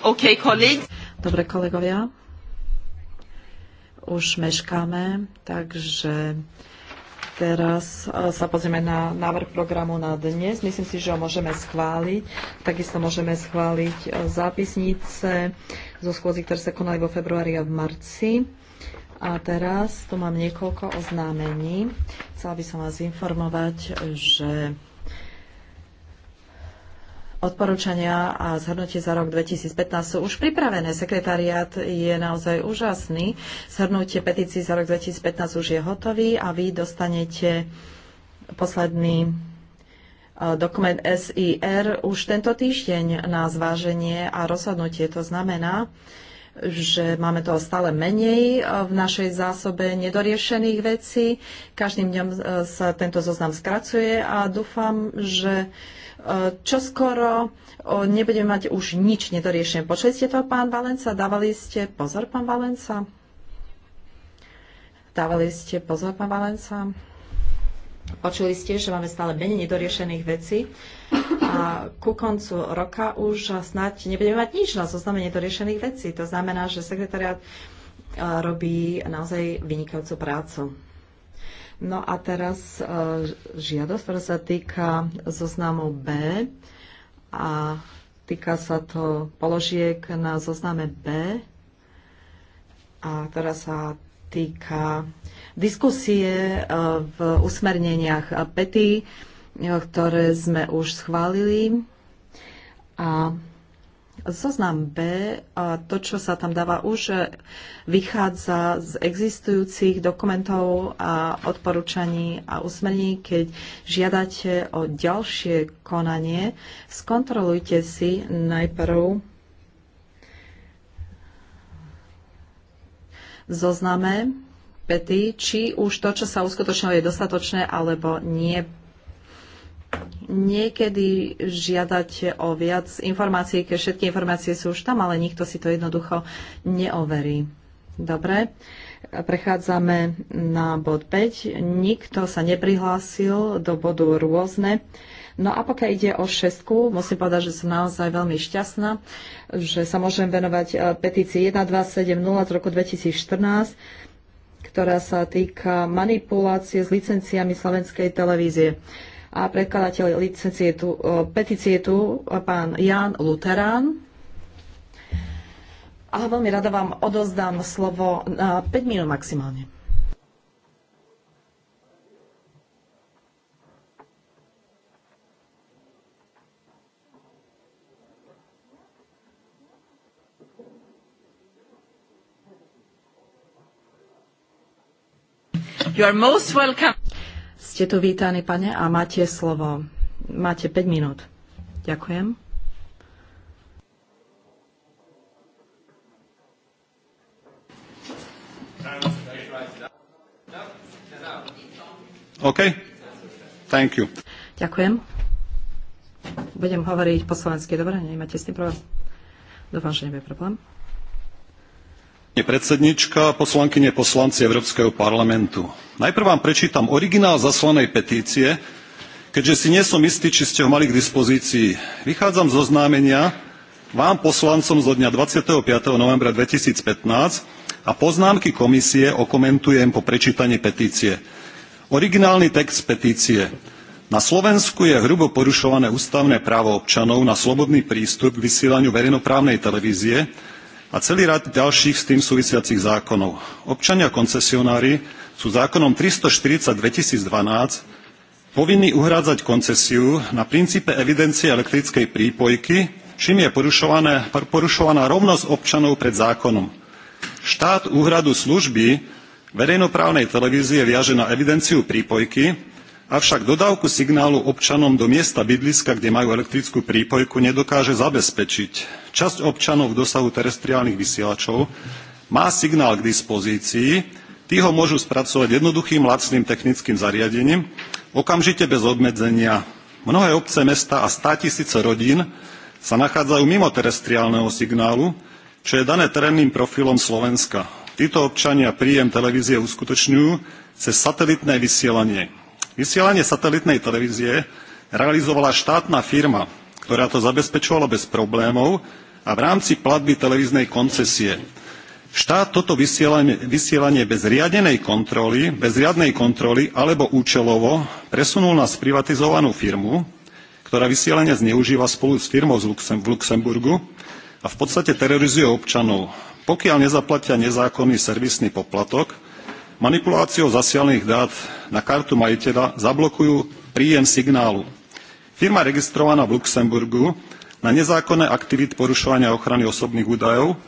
Okay, Dobre, kolegovia. Už meškáme, takže teraz eh, sa pozrieme na návrh programu na dnes. Myslím si, že ho môžeme schváliť. Takisto môžeme schváliť eh, zápisnice zo schôdzi, ktoré sa konali vo februári a v marci. A teraz tu mám niekoľko oznámení. Chcela by som vás informovať, že Odporúčania a zhrnutie za rok 2015 sú už pripravené. Sekretariat je naozaj úžasný. Zhrnutie petícií za rok 2015 už je hotový a vy dostanete posledný e, dokument SIR už tento týždeň na zváženie a rozhodnutie. To znamená, že máme toho stále menej eh, v našej zásobe nedoriešených vecí. Každým dňom eh, sa tento zoznam skracuje a dúfam, že eh, čoskoro nebudeme mať už nič nedoriešené. Počuli ste to, pán Valenca? Dávali ste pozor, pán Valenca? Dávali ste pozor, pán Valenca? Počuli ste, že máme stále menej nedoriešených vecí a ku koncu roka už snáď nebudeme mať nič na zozname nedoriešených vecí. To znamená, že sekretariat e, robí naozaj vynikajúcu prácu. No a teraz e, žiadosť, ktorá sa týka zoznamu B a týka sa to položiek na zozname B a ktorá sa týka diskusie e, v usmerneniach PETI, e, ktoré sme už schválili. A zoznam B, a to, čo sa tam dáva, už vychádza z existujúcich dokumentov a odporúčaní a usmerní. Keď žiadate o ďalšie konanie, skontrolujte si najprv v zozname späty, či už to, čo sa uskutočnilo, je dostatočné alebo nie. Niekedy žiadať o viac informácií, keď všetky informácie sú už tam, ale nikto si to jednoducho neoverí. Dobre, prechádzame na bod 5. Nikto sa neprihlásil do bodu rôzne. No a pokiaľ ide o šestku, musím povedať, že som naozaj veľmi šťastná, že sa môžem venovať eh, petícii 1270 z roku 2014 ktorá sa týka manipulácie s licenciami slovenskej televízie. A predkladateľ tu, e, petície tu e, pán Jan Luterán. A veľmi rada vám odozdám slovo na 5 minút maximálne. You are most welcome. Ste tu vítaní, pane, a máte slovo. Máte 5 minút. Ďakujem. OK. Thank you. Ďakujem. Budem hovoriť po slovensky. Dobre, nemáte s tým problém? Dúfam, že nebude problém pani predsedníčka, poslankyne, poslanci Európskeho parlamentu. Najprv vám prečítam originál zaslanej petície, keďže si nie som istý, či ste ho mali k dispozícii. Vychádzam z oznámenia vám poslancom zo dňa 25. novembra 2015 a poznámky komisie okomentujem po prečítaní petície. Originálny text petície. Na Slovensku je hrubo porušované ústavné právo občanov na slobodný prístup k vysielaniu verejnoprávnej televízie a celý rad ďalších s tým súvisiacich zákonov. Občania koncesionári sú zákonom 340 2012 povinní uhrádzať koncesiu na princípe evidencie elektrickej prípojky, čím je porušovaná rovnosť občanov pred zákonom. Štát úhradu služby verejnoprávnej televízie viaže na evidenciu prípojky, avšak dodávku signálu občanom do miesta bydliska, kde majú elektrickú prípojku, nedokáže zabezpečiť. Časť občanov v dosahu terestriálnych vysielačov má signál k dispozícii, tí ho môžu spracovať jednoduchým lacným technickým zariadením, okamžite bez obmedzenia. Mnohé obce, mesta a státisíce rodín sa nachádzajú mimo terestriálneho signálu, čo je dané terénnym profilom Slovenska. Títo občania príjem televízie uskutočňujú cez satelitné vysielanie. Vysielanie satelitnej televízie realizovala štátna firma, ktorá to zabezpečovala bez problémov a v rámci platby televíznej koncesie. Štát toto vysielanie, vysielanie bez riadenej kontroly, bez riadnej kontroly alebo účelovo presunul na sprivatizovanú firmu, ktorá vysielanie zneužíva spolu s firmou v Luxemburgu a v podstate terorizuje občanov. Pokiaľ nezaplatia nezákonný servisný poplatok, manipuláciou zasielaných dát na kartu majiteľa zablokujú príjem signálu. Firma registrovaná v Luxemburgu na nezákonné aktivity porušovania ochrany osobných údajov,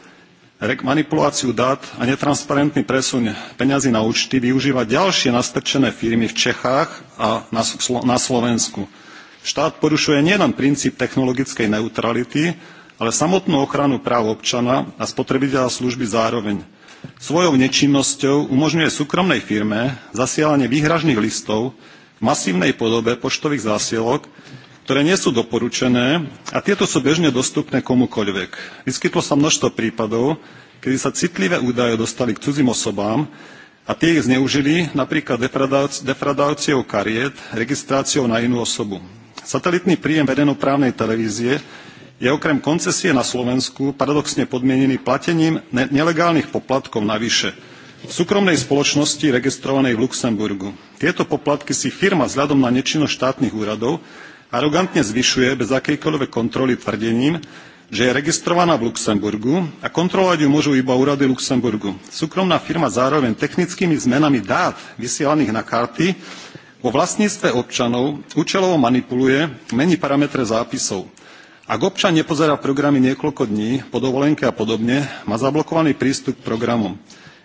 manipuláciu dát a netransparentný presun peňazí na účty využíva ďalšie nastrčené firmy v Čechách a na Slovensku. Štát porušuje nielen princíp technologickej neutrality, ale samotnú ochranu práv občana a spotrebiteľa služby zároveň. Svojou nečinnosťou umožňuje súkromnej firme zasielanie výhražných listov v masívnej podobe poštových zásielok, ktoré nie sú doporučené a tieto sú bežne dostupné komukoľvek. Vyskytlo sa množstvo prípadov, kedy sa citlivé údaje dostali k cudzím osobám a tie ich zneužili napríklad defradáciou kariet, registráciou na inú osobu. Satelitný príjem verejnoprávnej televízie je okrem koncesie na Slovensku paradoxne podmienený platením nelegálnych poplatkov navyše v súkromnej spoločnosti registrovanej v Luxemburgu. Tieto poplatky si firma vzhľadom na nečinnosť štátnych úradov arogantne zvyšuje bez akejkoľvek kontroly tvrdením, že je registrovaná v Luxemburgu a kontrolovať ju môžu iba úrady Luxemburgu. Súkromná firma zároveň technickými zmenami dát vysielaných na karty vo vlastníctve občanov účelovo manipuluje, mení parametre zápisov. Ak občan nepozerá programy niekoľko dní, po dovolenke a podobne, má zablokovaný prístup k programom.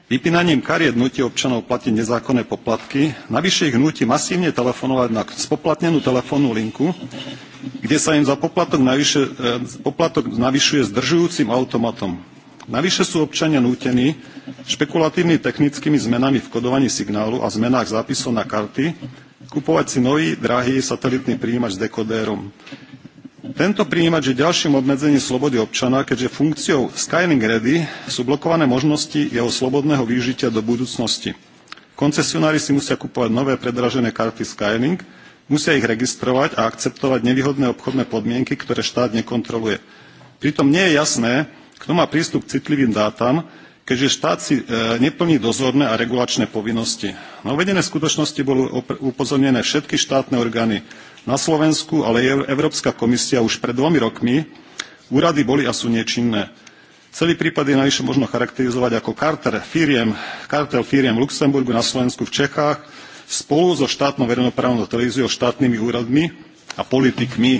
Vypínaním kariet nutí občanov platiť nezákonné poplatky, navyše ich nutí masívne telefonovať na spoplatnenú telefónnu linku, kde sa im za poplatok, navyše, e, poplatok navyšuje zdržujúcim automatom. Navyše sú občania nútení špekulatívnymi technickými zmenami v kodovaní signálu a zmenách zápisov na karty kupovať si nový, drahý satelitný príjimač s dekodérom. Tento prijímať, je ďalším obmedzením slobody občana, keďže funkciou Skyling Ready sú blokované možnosti jeho slobodného využitia do budúcnosti. Koncesionári si musia kupovať nové predražené karty Skyling, musia ich registrovať a akceptovať nevýhodné obchodné podmienky, ktoré štát nekontroluje. Pritom nie je jasné, kto má prístup k citlivým dátam, keďže štát si e, neplní dozorné a regulačné povinnosti. Na uvedené skutočnosti boli upozornené všetky štátne orgány na Slovensku, ale aj Európska komisia už pred dvomi rokmi úrady boli a sú nečinné. Celý prípad je navyše možno charakterizovať ako kartel firiem, kartel firiem v Luxemburgu, na Slovensku, v Čechách spolu so štátnou verejnoprávnou televíziou, štátnymi úradmi a politikmi.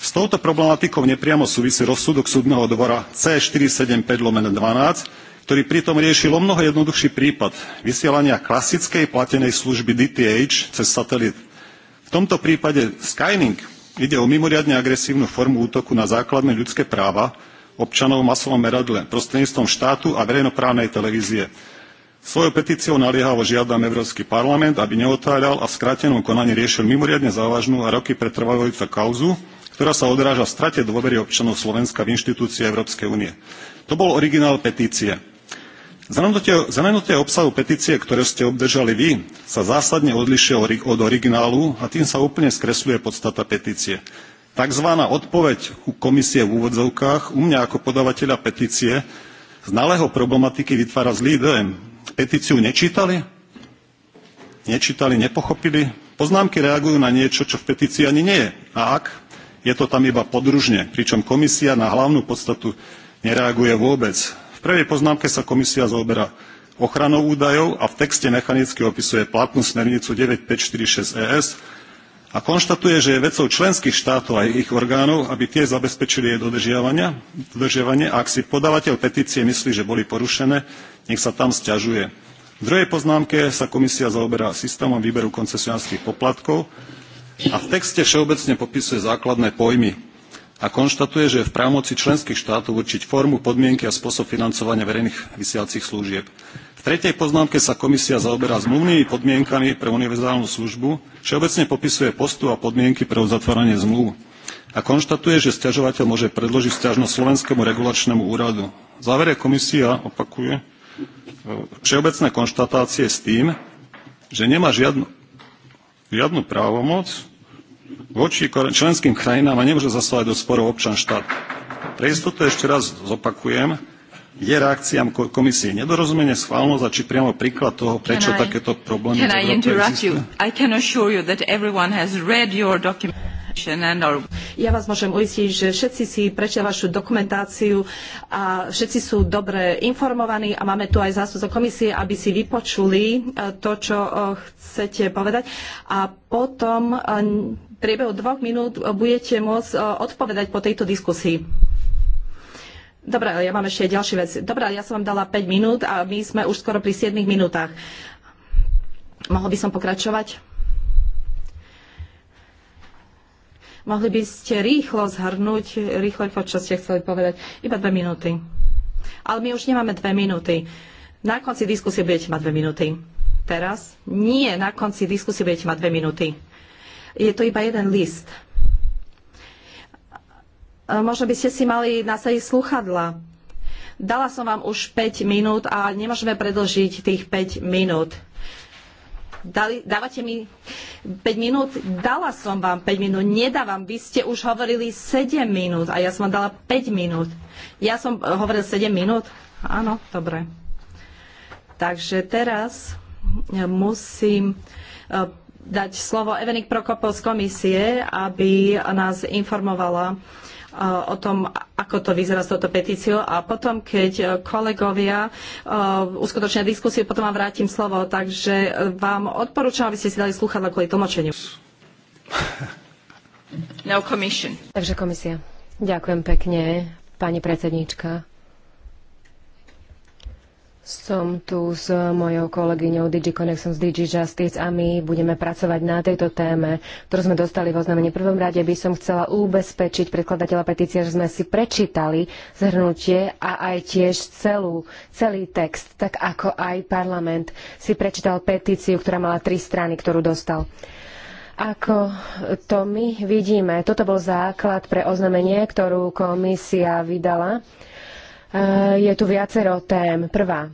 S touto problematikou nepriamo súvisí rozsudok súdneho dvora C475 12, ktorý pritom riešil o mnoho jednoduchší prípad vysielania klasickej platenej služby DTH cez satelit v tomto prípade Skyning ide o mimoriadne agresívnu formu útoku na základné ľudské práva občanov v masovom meradle prostredníctvom štátu a verejnoprávnej televízie. Svojou petíciou naliehavo žiadam Európsky parlament, aby neotáľal a v skrátenom konaní riešil mimoriadne závažnú a roky pretrvávajúcu kauzu, ktorá sa odráža v strate dôvery občanov Slovenska v inštitúcie Európskej únie. To bol originál petície. Zamenutie obsahu petície, ktoré ste obdržali vy, sa zásadne odlišuje od originálu a tým sa úplne skresľuje podstata petície. Takzvaná odpoveď komisie v úvodzovkách u mňa ako podávateľa petície znalého problematiky vytvára zlý dojem. Petíciu nečítali? Nečítali, nepochopili? Poznámky reagujú na niečo, čo v petícii ani nie je. A ak? Je to tam iba podružne, pričom komisia na hlavnú podstatu nereaguje vôbec. V prvej poznámke sa komisia zaoberá ochranou údajov a v texte mechanicky opisuje platnú smernicu 9546 ES a konštatuje, že je vecou členských štátov a ich orgánov, aby tie zabezpečili jej dodržiavanie a ak si podávateľ petície myslí, že boli porušené, nech sa tam sťažuje. V druhej poznámke sa komisia zaoberá systémom výberu koncesionárskych poplatkov a v texte všeobecne popisuje základné pojmy a konštatuje, že je v právomoci členských štátov určiť formu, podmienky a spôsob financovania verejných vysielacích služieb. V tretej poznámke sa komisia zaoberá zmluvnými podmienkami pre univerzálnu službu, všeobecne popisuje postup a podmienky pre uzatváranie zmluv a konštatuje, že sťažovateľ môže predložiť sťažnosť Slovenskému regulačnému úradu. V závere komisia opakuje e, všeobecné konštatácie s tým, že nemá žiadnu, žiadnu právomoc voči členským krajinám a nemôže zasahovať do sporov občan štát. Pre istotu ešte raz zopakujem, je reakciám komisie nedorozumenie, schválnosť a či priamo príklad toho, prečo can takéto problémy can I interrupt you? I can assure you that everyone has read your Ja vás môžem uistiť, že všetci si prečia vašu dokumentáciu a všetci sú dobre informovaní a máme tu aj zástupca komisie, aby si vypočuli eh, to, čo eh, chcete povedať. A potom eh, priebehu dvoch minút e, budete môcť e, odpovedať po tejto diskusii. Dobre, ja mám ešte ďalšie veci. Dobre, ja som vám dala 5 minút a my sme už skoro pri 7 minútach. Mohol by som pokračovať? Mohli by ste rýchlo zhrnúť, rýchlo, čo ste chceli povedať. Iba dve minúty. Ale my už nemáme dve minúty. Na konci diskusie budete mať dve minúty. Teraz? Nie, na konci diskusie budete mať dve minúty je to iba jeden list. E, možno by ste si mali nasadiť sluchadla. Dala som vám už 5 minút a nemôžeme predlžiť tých 5 minút. Dali, dávate mi 5 minút? Dala som vám 5 minút. Nedávam. Vy ste už hovorili 7 minút a ja som vám dala 5 minút. Ja som e, hovoril 7 minút? Áno, dobre. Takže teraz musím e, dať slovo Evenik Prokopov z komisie, aby nás informovala eh, o tom, ako to vyzerá s touto petíciou a potom, keď eh, kolegovia eh, uskutočnia diskusiu, potom vám vrátim slovo, takže vám odporúčam, aby ste si dali slúchadla kvôli tlmočeniu. No Takže komisia. Ďakujem pekne, pani predsedníčka. Som tu s mojou kolegyňou DG Connection z Digi Justice a my budeme pracovať na tejto téme, ktorú sme dostali v oznámení. Prvom rade by som chcela ubezpečiť predkladateľa petície, že sme si prečítali zhrnutie a aj tiež celú, celý text, tak ako aj parlament si prečítal petíciu, ktorá mala tri strany, ktorú dostal ako to my vidíme. Toto bol základ pre oznámenie, ktorú komisia vydala Eh, je tu viacero tém. Prvá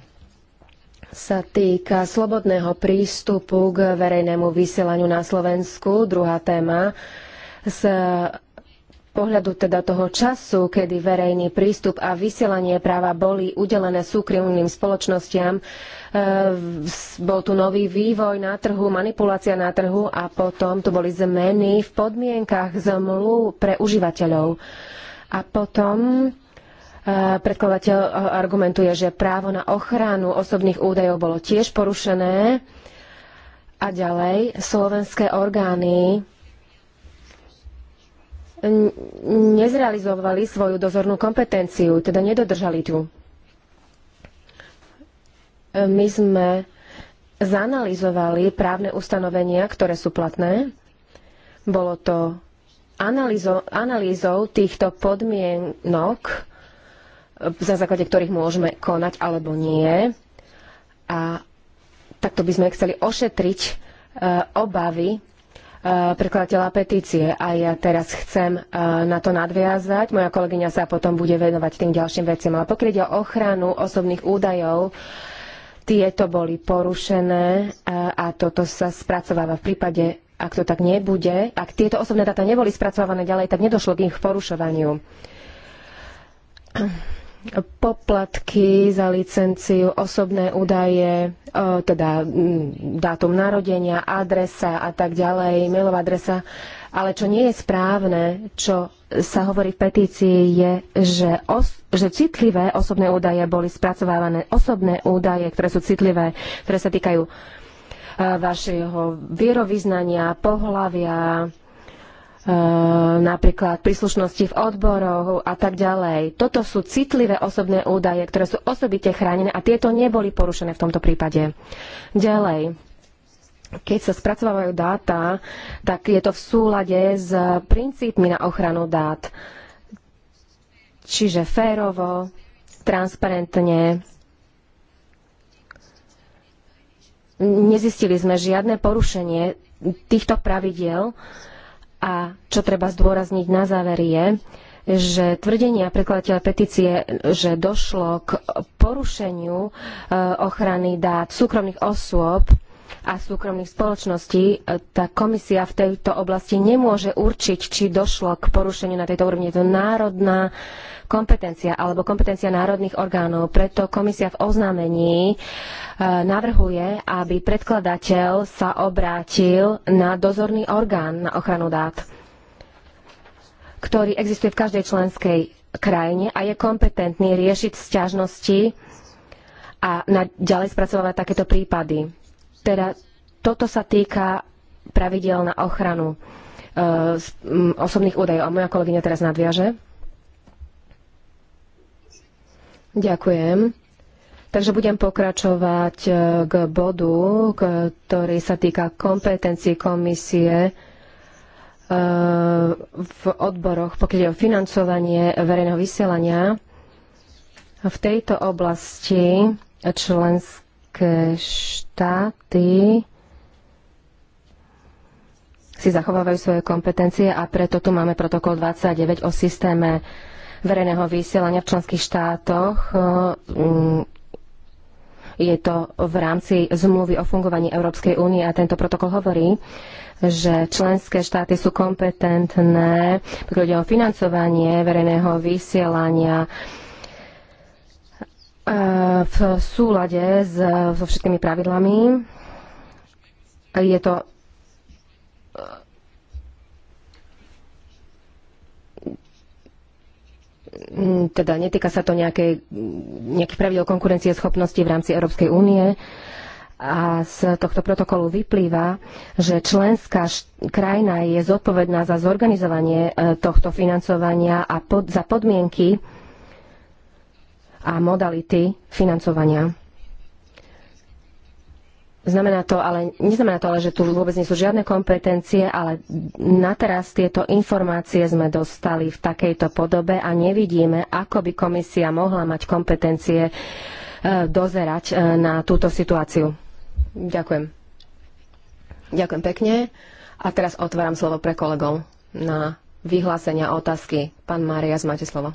sa týka slobodného prístupu k verejnému vysielaniu na Slovensku. Druhá téma z pohľadu teda toho času, kedy verejný prístup a vysielanie práva boli udelené súkromným spoločnostiam, eh, bol tu nový vývoj na trhu, manipulácia na trhu a potom tu boli zmeny v podmienkach zmluv pre užívateľov. A potom Eh, predkladateľ eh, argumentuje, že právo na ochranu osobných údajov bolo tiež porušené. A ďalej, slovenské orgány nezrealizovali svoju dozornú kompetenciu, teda nedodržali ju. Eh, my sme zanalizovali právne ustanovenia, ktoré sú platné. Bolo to analýzou týchto podmienok na základe ktorých môžeme konať alebo nie. A takto by sme chceli ošetriť e, obavy e, prekladateľa petície a ja teraz chcem e, na to nadviazať. Moja kolegyňa sa potom bude venovať tým ďalším veciam. Ale pokiaľ ide o ochranu osobných údajov, tieto boli porušené a toto sa spracováva v prípade, ak to tak nebude, ak tieto osobné dáta neboli spracované ďalej, tak nedošlo k ich porušovaniu poplatky za licenciu, osobné údaje, e, teda dátum narodenia, adresa a tak ďalej, mailová adresa. Ale čo nie je správne, čo sa hovorí v petícii, je, že, os- že citlivé osobné údaje boli spracovávané, osobné údaje, ktoré sú citlivé, ktoré sa týkajú e, vašeho vierovýznania, pohlavia, Eh, napríklad príslušnosti v odboroch a tak ďalej. Toto sú citlivé osobné údaje, ktoré sú osobite chránené a tieto neboli porušené v tomto prípade. Ďalej, keď sa spracovávajú dáta, tak je to v súlade s princípmi na ochranu dát. Čiže férovo, transparentne, nezistili sme žiadne porušenie týchto pravidiel, uh, a čo treba zdôrazniť na záver je, že tvrdenia prekladateľa petície, že došlo k porušeniu e, ochrany dát súkromných osôb a súkromných spoločností, e, tá komisia v tejto oblasti nemôže určiť, či došlo k porušeniu na tejto úrovni. Je to národná kompetencia alebo kompetencia národných orgánov. Preto komisia v oznámení e, navrhuje, aby predkladateľ sa obrátil na dozorný orgán na ochranu dát, ktorý existuje v každej členskej krajine a je kompetentný riešiť sťažnosti a ďalej spracovávať takéto prípady teda toto sa týka pravidel na ochranu uh, osobných údajov. A moja kolegyňa teraz nadviaže. Ďakujem. Takže budem pokračovať e, k bodu, ktorý sa týka kompetencií komisie e, v odboroch, pokiaľ je o financovanie verejného vysielania. V tejto oblasti členské členské štáty si zachovávajú svoje kompetencie a preto tu máme protokol 29 o systéme verejného vysielania v členských štátoch. Mm, je to v rámci zmluvy o fungovaní Európskej únie a tento protokol hovorí, že členské štáty sú kompetentné, pokiaľ ide o financovanie verejného vysielania, v súlade s, so všetkými pravidlami. Je to teda netýka sa to nejakej, nejakých pravidel konkurencie schopnosti v rámci Európskej únie. A z tohto protokolu vyplýva, že členská krajina je zodpovedná za zorganizovanie e, tohto financovania a pod, za podmienky, a modality financovania. Znamená to ale, neznamená to ale, že tu vôbec nie sú žiadne kompetencie, ale na teraz tieto informácie sme dostali v takejto podobe a nevidíme, ako by komisia mohla mať kompetencie e, dozerať e, na túto situáciu. Ďakujem. Ďakujem pekne. A teraz otváram slovo pre kolegov na vyhlásenia otázky. Pán Marias, máte slovo.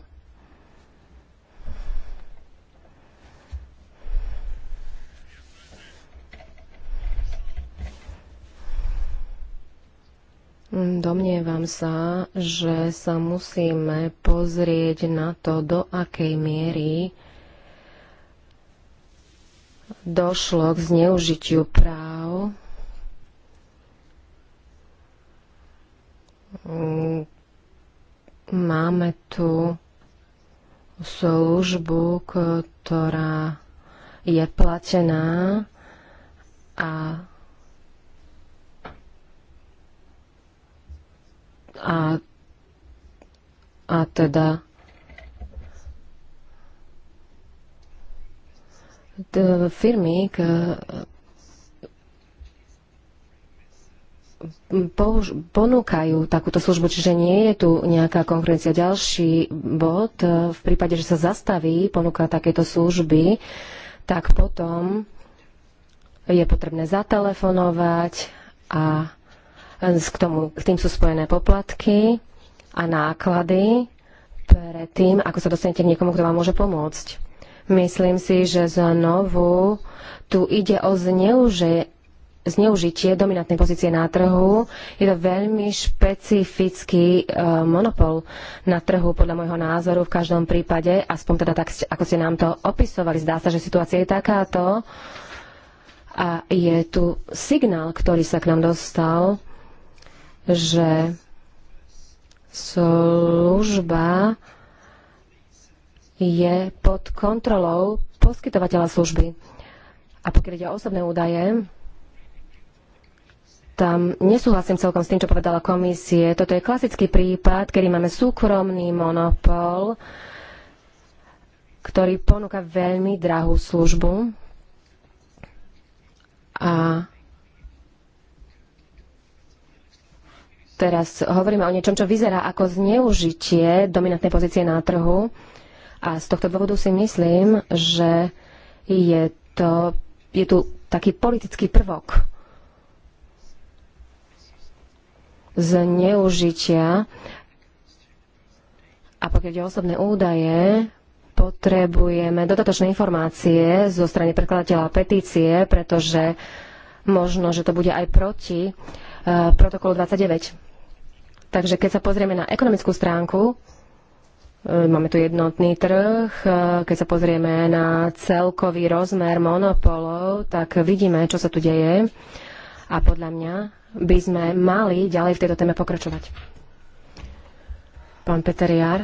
Mm, domnievam sa, že sa musíme pozrieť na to, do akej miery došlo k zneužitiu práv, mm, máme tu službu, ktorá je platená a A, a teda firmy k, použ- ponúkajú takúto službu, čiže nie je tu nejaká konkurencia. Ďalší bod, v prípade, že sa zastaví ponúka takéto služby, tak potom je potrebné zatelefonovať a k, tomu, k tým sú spojené poplatky a náklady pre tým, ako sa dostanete k niekomu, kto vám môže pomôcť. Myslím si, že znovu tu ide o zneuži- zneužitie dominantnej pozície na trhu. Je to veľmi špecifický uh, monopol na trhu, podľa môjho názoru, v každom prípade, aspoň teda tak, ako ste nám to opisovali. Zdá sa, že situácia je takáto. A je tu signál, ktorý sa k nám dostal že služba je pod kontrolou poskytovateľa služby. A pokiaľ ide o osobné údaje, tam nesúhlasím celkom s tým, čo povedala komisie. Toto je klasický prípad, kedy máme súkromný monopol, ktorý ponúka veľmi drahú službu a teraz hovoríme o niečom, čo vyzerá ako zneužitie dominantnej pozície na trhu. A z tohto dôvodu si myslím, že je, to, je tu taký politický prvok zneužitia. A pokiaľ ide osobné údaje, potrebujeme dodatočné informácie zo strany prekladateľa petície, pretože možno, že to bude aj proti eh, protokolu 29. Takže keď sa pozrieme na ekonomickú stránku, e, Máme tu jednotný trh. E, keď sa pozrieme na celkový rozmer monopolov, tak vidíme, čo sa tu deje. A podľa mňa by sme mali ďalej v tejto téme pokračovať. Pán Peter Jar.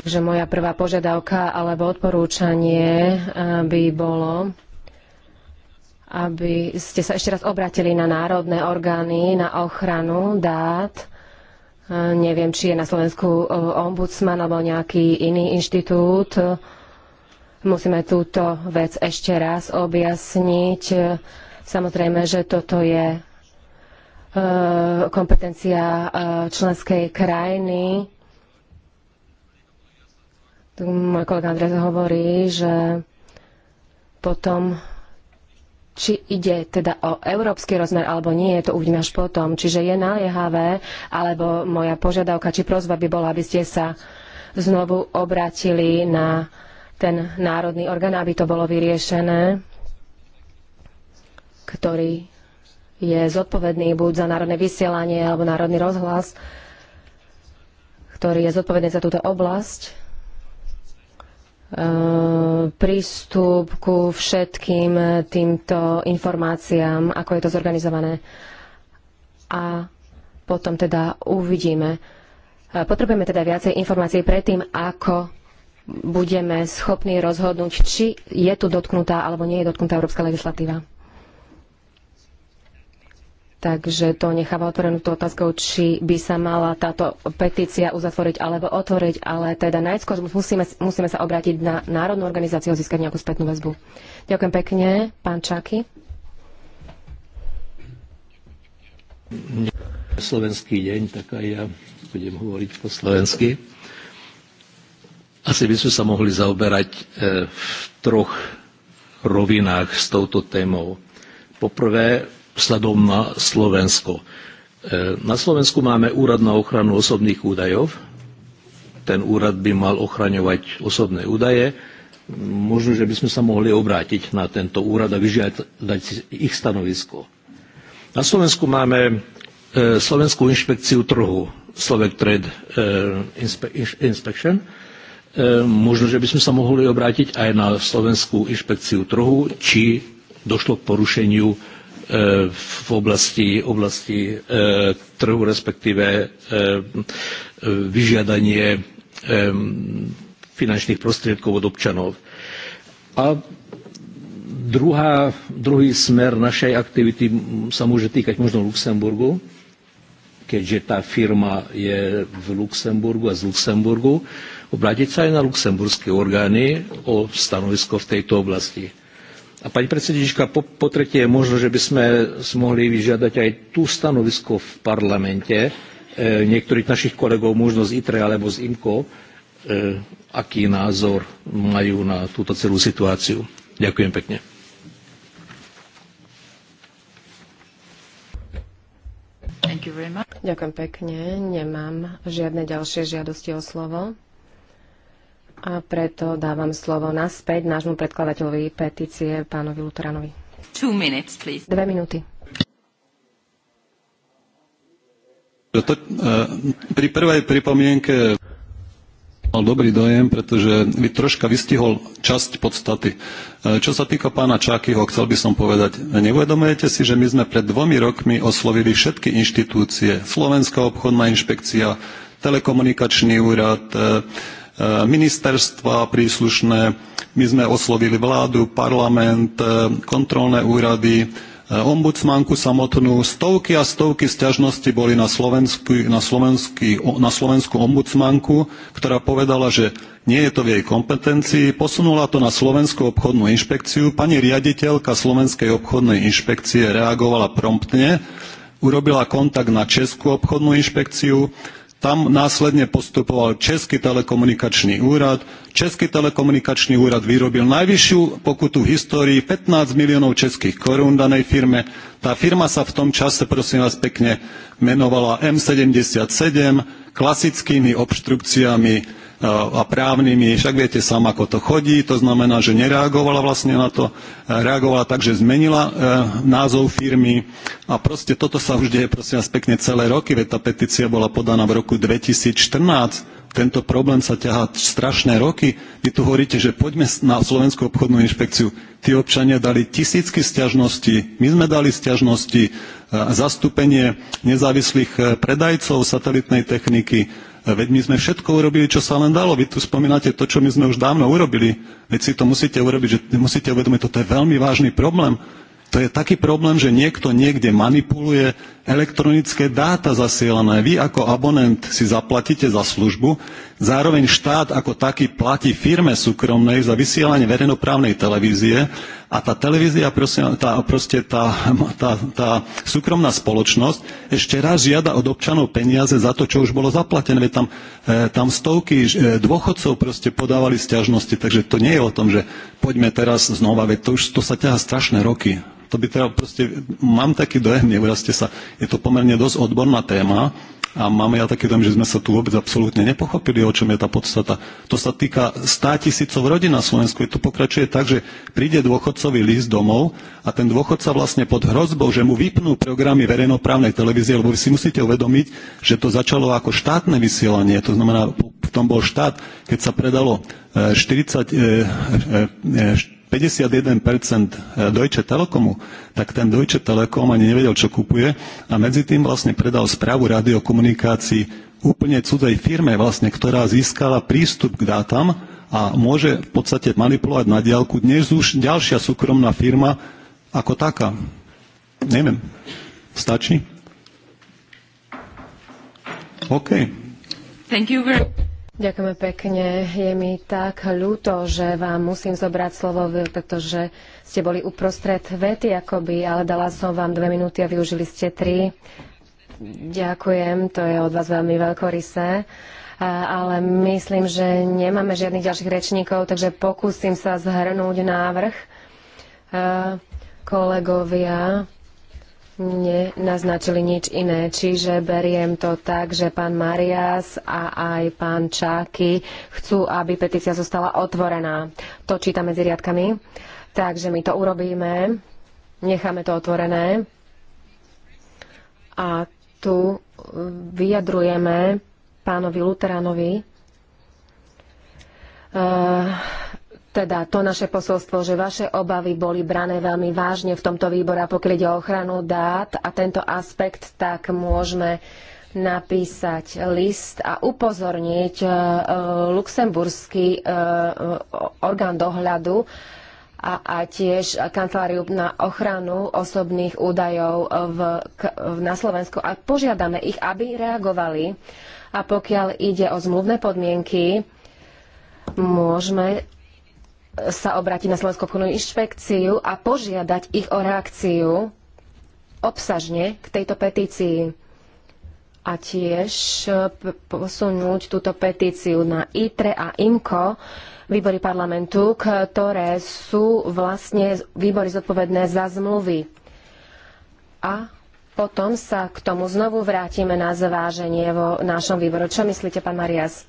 Že moja prvá požiadavka alebo odporúčanie e, by bolo aby ste sa ešte raz obratili na národné orgány na ochranu dát. E, neviem, či je na Slovensku e, ombudsman alebo nejaký iný inštitút. Musíme túto vec ešte raz objasniť. Samozrejme, že toto je e, kompetencia členskej krajiny. Tu môj kolega Andrej hovorí, že potom či ide teda o európsky rozmer alebo nie, to uvidíme až potom. Čiže je naliehavé, alebo moja požiadavka či prozba by bola, aby ste sa znovu obratili na ten národný orgán, aby to bolo vyriešené, ktorý je zodpovedný buď za národné vysielanie alebo národný rozhlas, ktorý je zodpovedný za túto oblasť Eh, prístup ku všetkým týmto informáciám, ako je to zorganizované. A potom teda uvidíme. Eh, potrebujeme teda viacej informácií predtým, ako budeme schopní rozhodnúť, či je tu dotknutá alebo nie je dotknutá európska legislatíva. Takže to necháva otvorenú tú otázku, či by sa mala táto petícia uzatvoriť alebo otvoriť, ale teda najskôr musíme, musíme sa obrátiť na Národnú organizáciu a získať nejakú spätnú väzbu. Ďakujem pekne, pán Čaky. Slovenský deň, tak aj ja budem hovoriť po slovensky. Asi by sme sa mohli zaoberať e, v troch rovinách s touto témou. Poprvé, vzhľadom na Slovensko. E, na Slovensku máme úrad na ochranu osobných údajov. Ten úrad by mal ochraňovať osobné údaje. Možno, že by sme sa mohli obrátiť na tento úrad a vyžiadať ich stanovisko. Na Slovensku máme e, Slovenskú inšpekciu trhu, Slovak Trade e, Inspection. Možno, že by sme sa mohli obrátiť aj na Slovenskú inšpekciu trhu, či došlo k porušeniu v oblasti, oblasti e, trhu, respektíve e, vyžiadanie e, finančných prostriedkov od občanov. A druhá, druhý smer našej aktivity sa môže týkať možno Luxemburgu, keďže tá firma je v Luxemburgu a z Luxemburgu, obrátiť sa aj na luxemburské orgány o stanovisko v tejto oblasti. A pani predsedníčka po, po tretie, možno, že by sme mohli vyžiadať aj tú stanovisko v parlamente e, niektorých našich kolegov, možno z ITRE alebo z IMKO, e, aký názor majú na túto celú situáciu. Ďakujem pekne. Ďakujem pekne. Nemám žiadne ďalšie žiadosti o slovo. A preto dávam slovo naspäť nášmu predkladateľovi petície, pánovi Luteranovi. Two minutes, please. Dve minúty. To, e, pri prvej pripomienke mal dobrý dojem, pretože by troška vystihol časť podstaty. E, čo sa týka pána Čakyho, chcel by som povedať, neuvedomujete si, že my sme pred dvomi rokmi oslovili všetky inštitúcie, Slovenská obchodná inšpekcia, telekomunikačný úrad, uh, E, ministerstva príslušné. My sme oslovili vládu, parlament, e, kontrolné úrady, e, ombudsmanku samotnú. Stovky a stovky sťažností boli na, Slovensku, na, Slovensku, na slovenskú ombudsmanku, ktorá povedala, že nie je to v jej kompetencii. Posunula to na Slovenskú obchodnú inšpekciu. Pani riaditeľka Slovenskej obchodnej inšpekcie reagovala promptne, urobila kontakt na Českú obchodnú inšpekciu tam následne postupoval Český telekomunikačný úrad. Český telekomunikačný úrad vyrobil najvyššiu pokutu v histórii 15 miliónov českých korún danej firme. Tá firma sa v tom čase, prosím vás pekne, menovala M77, klasickými obštrukciami e, a právnymi, však viete sám, ako to chodí, to znamená, že nereagovala vlastne na to, e, reagovala tak, že zmenila e, názov firmy a proste toto sa už deje prosím vás pekne celé roky, veď tá petícia bola podaná v roku 2014, tento problém sa ťahá strašné roky. Vy tu hovoríte, že poďme na Slovenskú obchodnú inšpekciu. Tí občania dali tisícky stiažnosti, my sme dali stiažnosti, e, zastúpenie nezávislých e, predajcov satelitnej techniky, e, Veď my sme všetko urobili, čo sa len dalo. Vy tu spomínate to, čo my sme už dávno urobili. Veď si to musíte urobiť, že musíte uvedomiť, toto je veľmi vážny problém. To je taký problém, že niekto niekde manipuluje elektronické dáta zasielané. Vy ako abonent si zaplatíte za službu, zároveň štát ako taký platí firme súkromnej za vysielanie verejnoprávnej televízie a tá televízia, prosím, tá, proste tá, tá, tá súkromná spoločnosť ešte raz žiada od občanov peniaze za to, čo už bolo zaplatené. Veď tam, e, tam stovky e, dôchodcov proste podávali stiažnosti, takže to nie je o tom, že poďme teraz znova, veď to už to sa ťaha strašné roky. To by treba proste, mám taký dojem, nevrazte sa, je to pomerne dosť odborná téma a máme ja taký dojem, že sme sa tu vôbec absolútne nepochopili, o čom je tá podstata. To sa týka 100 tisícov rodín na Slovensku. To pokračuje tak, že príde dôchodcový list domov a ten dôchodca vlastne pod hrozbou, že mu vypnú programy verejnoprávnej televízie, lebo vy si musíte uvedomiť, že to začalo ako štátne vysielanie, to znamená, v tom bol štát, keď sa predalo 40, eh, 51% e, Deutsche Telekomu, tak ten Deutsche Telekom ani nevedel, čo kupuje a medzi tým vlastne predal správu radiokomunikácií úplne cudzej firme, vlastne, ktorá získala prístup k dátam a môže v podstate manipulovať na diálku dnes už ďalšia súkromná firma ako taká. Neviem. Stačí? OK. Thank you very much. Ďakujeme pekne. Je mi tak ľúto, že vám musím zobrať slovo, pretože ste boli uprostred vety, akoby, ale dala som vám dve minúty a využili ste tri. Ďakujem, to je od vás veľmi veľkorysé ale myslím, že nemáme žiadnych ďalších rečníkov, takže pokúsim sa zhrnúť návrh. Kolegovia, nenaznačili nič iné, čiže beriem to tak, že pán Marias a aj pán Čáky chcú, aby petícia zostala otvorená. To číta medzi riadkami. Takže my to urobíme, necháme to otvorené a tu vyjadrujeme pánovi Luteránovi, eh, teda to naše posolstvo, že vaše obavy boli brané veľmi vážne v tomto výbore pokiaľ ide o ochranu dát a tento aspekt, tak môžeme napísať list a upozorniť e, e, luxemburský e, orgán dohľadu a, a tiež kanceláriu na ochranu osobných údajov v, k, na Slovensku a požiadame ich, aby reagovali. A pokiaľ ide o zmluvné podmienky, môžeme sa obrátiť na Slovenskú obchodnú inšpekciu a požiadať ich o reakciu obsažne k tejto petícii a tiež e, posunúť túto petíciu na ITRE a IMCO, výbory parlamentu, ktoré sú vlastne výbory zodpovedné za zmluvy. A potom sa k tomu znovu vrátime na zváženie vo našom výboru. Čo myslíte, pán Marias?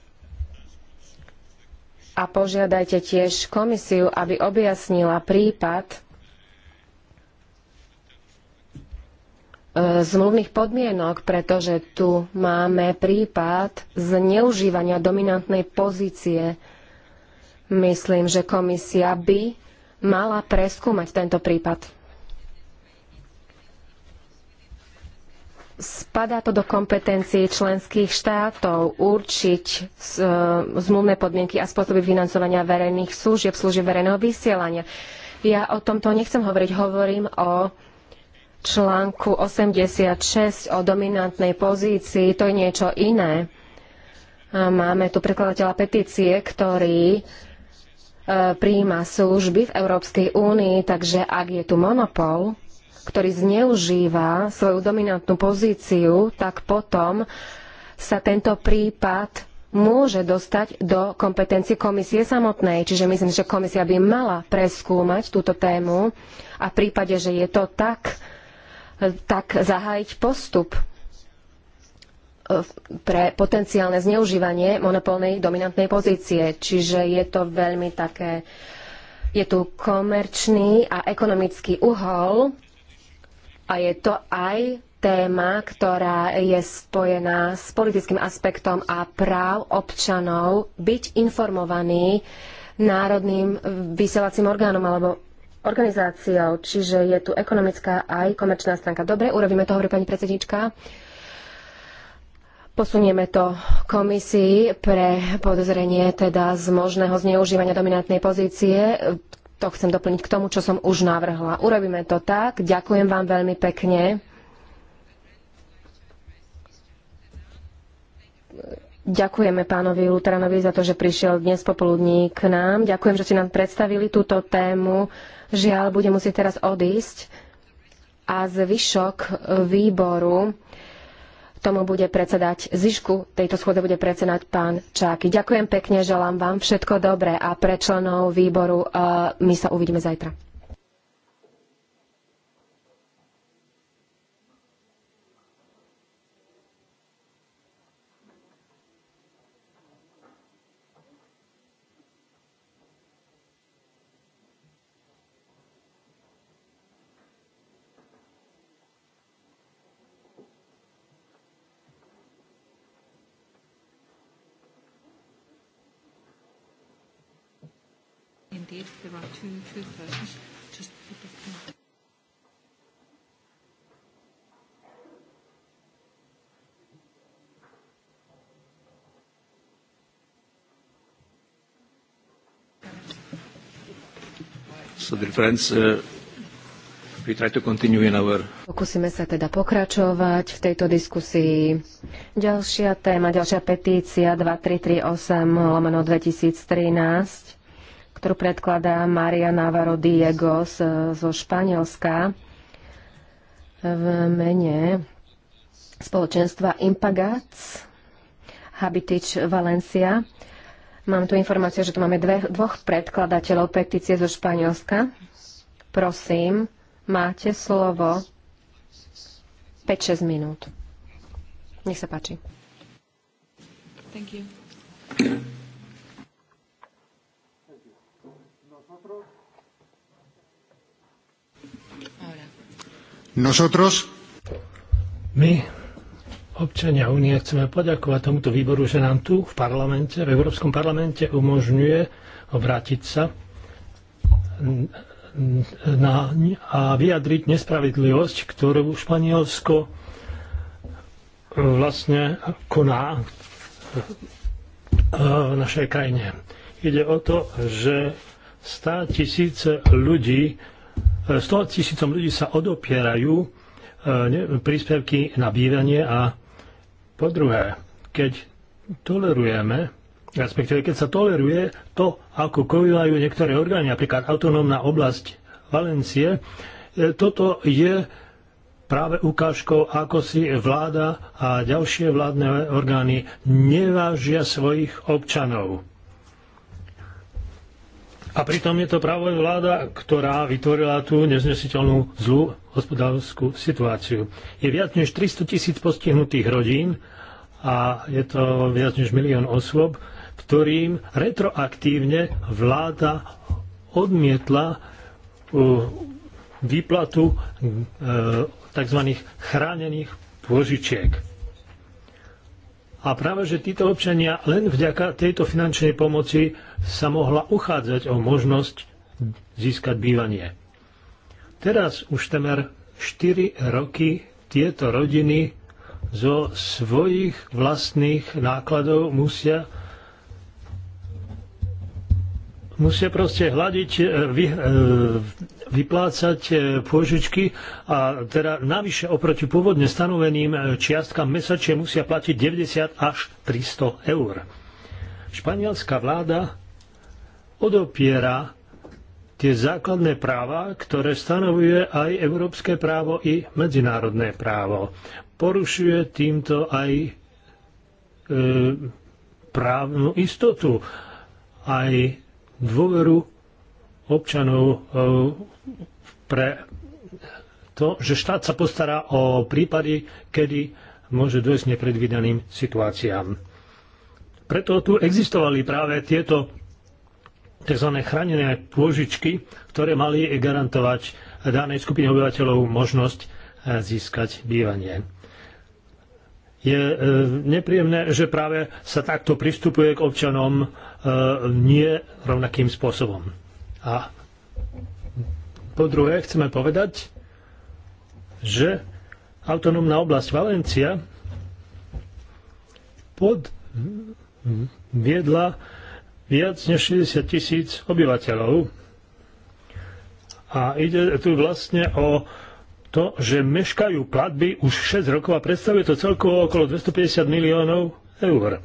a požiadajte tiež komisiu, aby objasnila prípad e, zmluvných podmienok, pretože tu máme prípad zneužívania dominantnej pozície. Myslím, že komisia by mala preskúmať tento prípad. Spadá to do kompetencií členských štátov určiť e, zmluvné podmienky a spôsoby financovania verejných služieb, služieb verejného vysielania. Ja o tomto nechcem hovoriť, hovorím o článku 86 o dominantnej pozícii, to je niečo iné. Máme tu prekladateľa petície, ktorý e, prijíma služby v Európskej únii, takže ak je tu monopol, ktorý zneužíva svoju dominantnú pozíciu, tak potom sa tento prípad môže dostať do kompetencie komisie samotnej. Čiže myslím, že komisia by mala preskúmať túto tému a v prípade, že je to tak, tak zahájiť postup e, pre potenciálne zneužívanie monopolnej dominantnej pozície. Čiže je to veľmi také, je tu komerčný a ekonomický uhol a je to aj téma, ktorá je spojená s politickým aspektom a práv občanov byť informovaní národným vysielacím orgánom alebo organizáciou. Čiže je tu ekonomická aj komerčná stránka. Dobre, urobíme to, hovorí pani predsednička. Posunieme to komisii pre podozrenie teda z možného zneužívania dominantnej pozície to chcem doplniť k tomu, čo som už navrhla. Urobíme to tak. Ďakujem vám veľmi pekne. Ďakujeme pánovi Luteranovi za to, že prišiel dnes popoludní k nám. Ďakujem, že ste nám predstavili túto tému. Žiaľ, bude musieť teraz odísť. A zvyšok výboru tomu bude predsedať Zišku, tejto schôdze bude predsedať pán Čáky. Ďakujem pekne, želám vám všetko dobré a pre členov výboru uh, my sa uvidíme zajtra. two, two persons. Just people. So dear friends, uh, Pokúsime sa teda pokračovať v tejto diskusii. Ďalšia téma, ďalšia petícia 2338 lomeno 2013 ktorú predkladá Maria Navarro Diego z, zo Španielska v mene spoločenstva Impagac Habitič Valencia. Mám tu informáciu, že tu máme dve, dvoch predkladateľov petície zo Španielska. Prosím, máte slovo 5-6 minút. Nech sa páči. Thank you. Nosotros... My, občania únie, chceme poďakovať tomuto výboru, že nám tu v parlamente, v Európskom parlamente umožňuje obrátiť sa na, a vyjadriť nespravedlivosť, ktorú Španielsko vlastne koná e, v našej krajine. Ide o to, že stá tisíce ľudí 100 tisícom ľudí sa odopierajú e, príspevky na bývanie a po druhé, keď tolerujeme, respektíve keď sa toleruje to, ako kovilajú niektoré orgány, napríklad autonómna oblasť Valencie, e, toto je práve ukážkou, ako si vláda a ďalšie vládne orgány nevážia svojich občanov. A pritom je to práve vláda, ktorá vytvorila tú neznesiteľnú zlú hospodárskú situáciu. Je viac než 300 tisíc postihnutých rodín a je to viac než milión osôb, ktorým retroaktívne vláda odmietla uh, výplatu uh, tzv. chránených pôžičiek. A práve, že títo občania len vďaka tejto finančnej pomoci sa mohla uchádzať o možnosť získať bývanie. Teraz už temer 4 roky tieto rodiny zo svojich vlastných nákladov musia musia proste hľadiť, e, vy, e, vyplácať e, pôžičky a teda navyše oproti pôvodne stanoveným čiastkám mesačne musia platiť 90 až 300 eur. Španielská vláda odopiera tie základné práva, ktoré stanovuje aj európske právo i medzinárodné právo. Porušuje týmto aj e, právnu istotu, aj dôveru občanov e, pre to, že štát sa postará o prípady, kedy môže dôjsť nepredvídaným situáciám. Preto tu existovali práve tieto tzv. chránené pôžičky, ktoré mali garantovať danej skupine obyvateľov možnosť e, získať bývanie. Je e, nepríjemné, že práve sa takto pristupuje k občanom E, nie rovnakým spôsobom. A po druhé, chceme povedať, že autonómna oblasť Valencia pod viedla viac než 60 tisíc obyvateľov. A ide tu vlastne o to, že meškajú platby už 6 rokov a predstavuje to celkovo okolo 250 miliónov eur.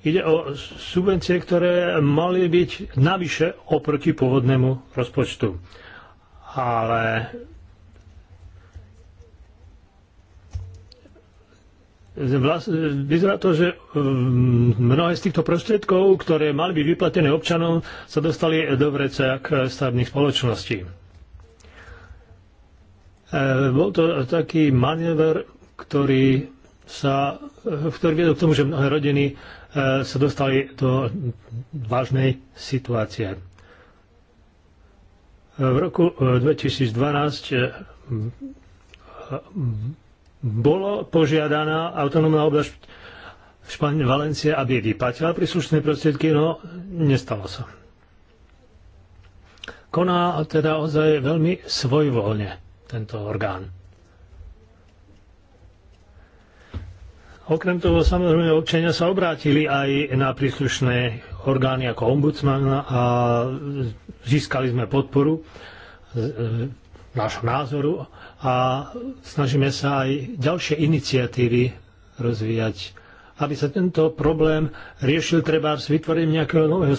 Ide o subvencie, ktoré mali byť navyše oproti pôvodnému rozpočtu. Ale vyzerá to, že mm, mnohé z týchto prostriedkov, ktoré mali byť vyplatené občanom, sa dostali do vrece k stavebných spoločností. E, bol to taký manéver, ktorý sa, e, ktorý viedol k tomu, že mnohé rodiny E, sa dostali do vážnej situácie. E, v roku 2012 e, bolo požiadaná autonómna oblasť Španie Valencia, aby vyplatila príslušné prostriedky, no nestalo sa. Koná teda ozaj veľmi svojvoľne tento orgán. Okrem toho, samozrejme, občania sa obrátili aj na príslušné orgány ako ombudsmana a získali sme podporu e, nášho názoru a snažíme sa aj ďalšie iniciatívy rozvíjať, aby sa tento problém riešil treba s vytvorením nejakého nového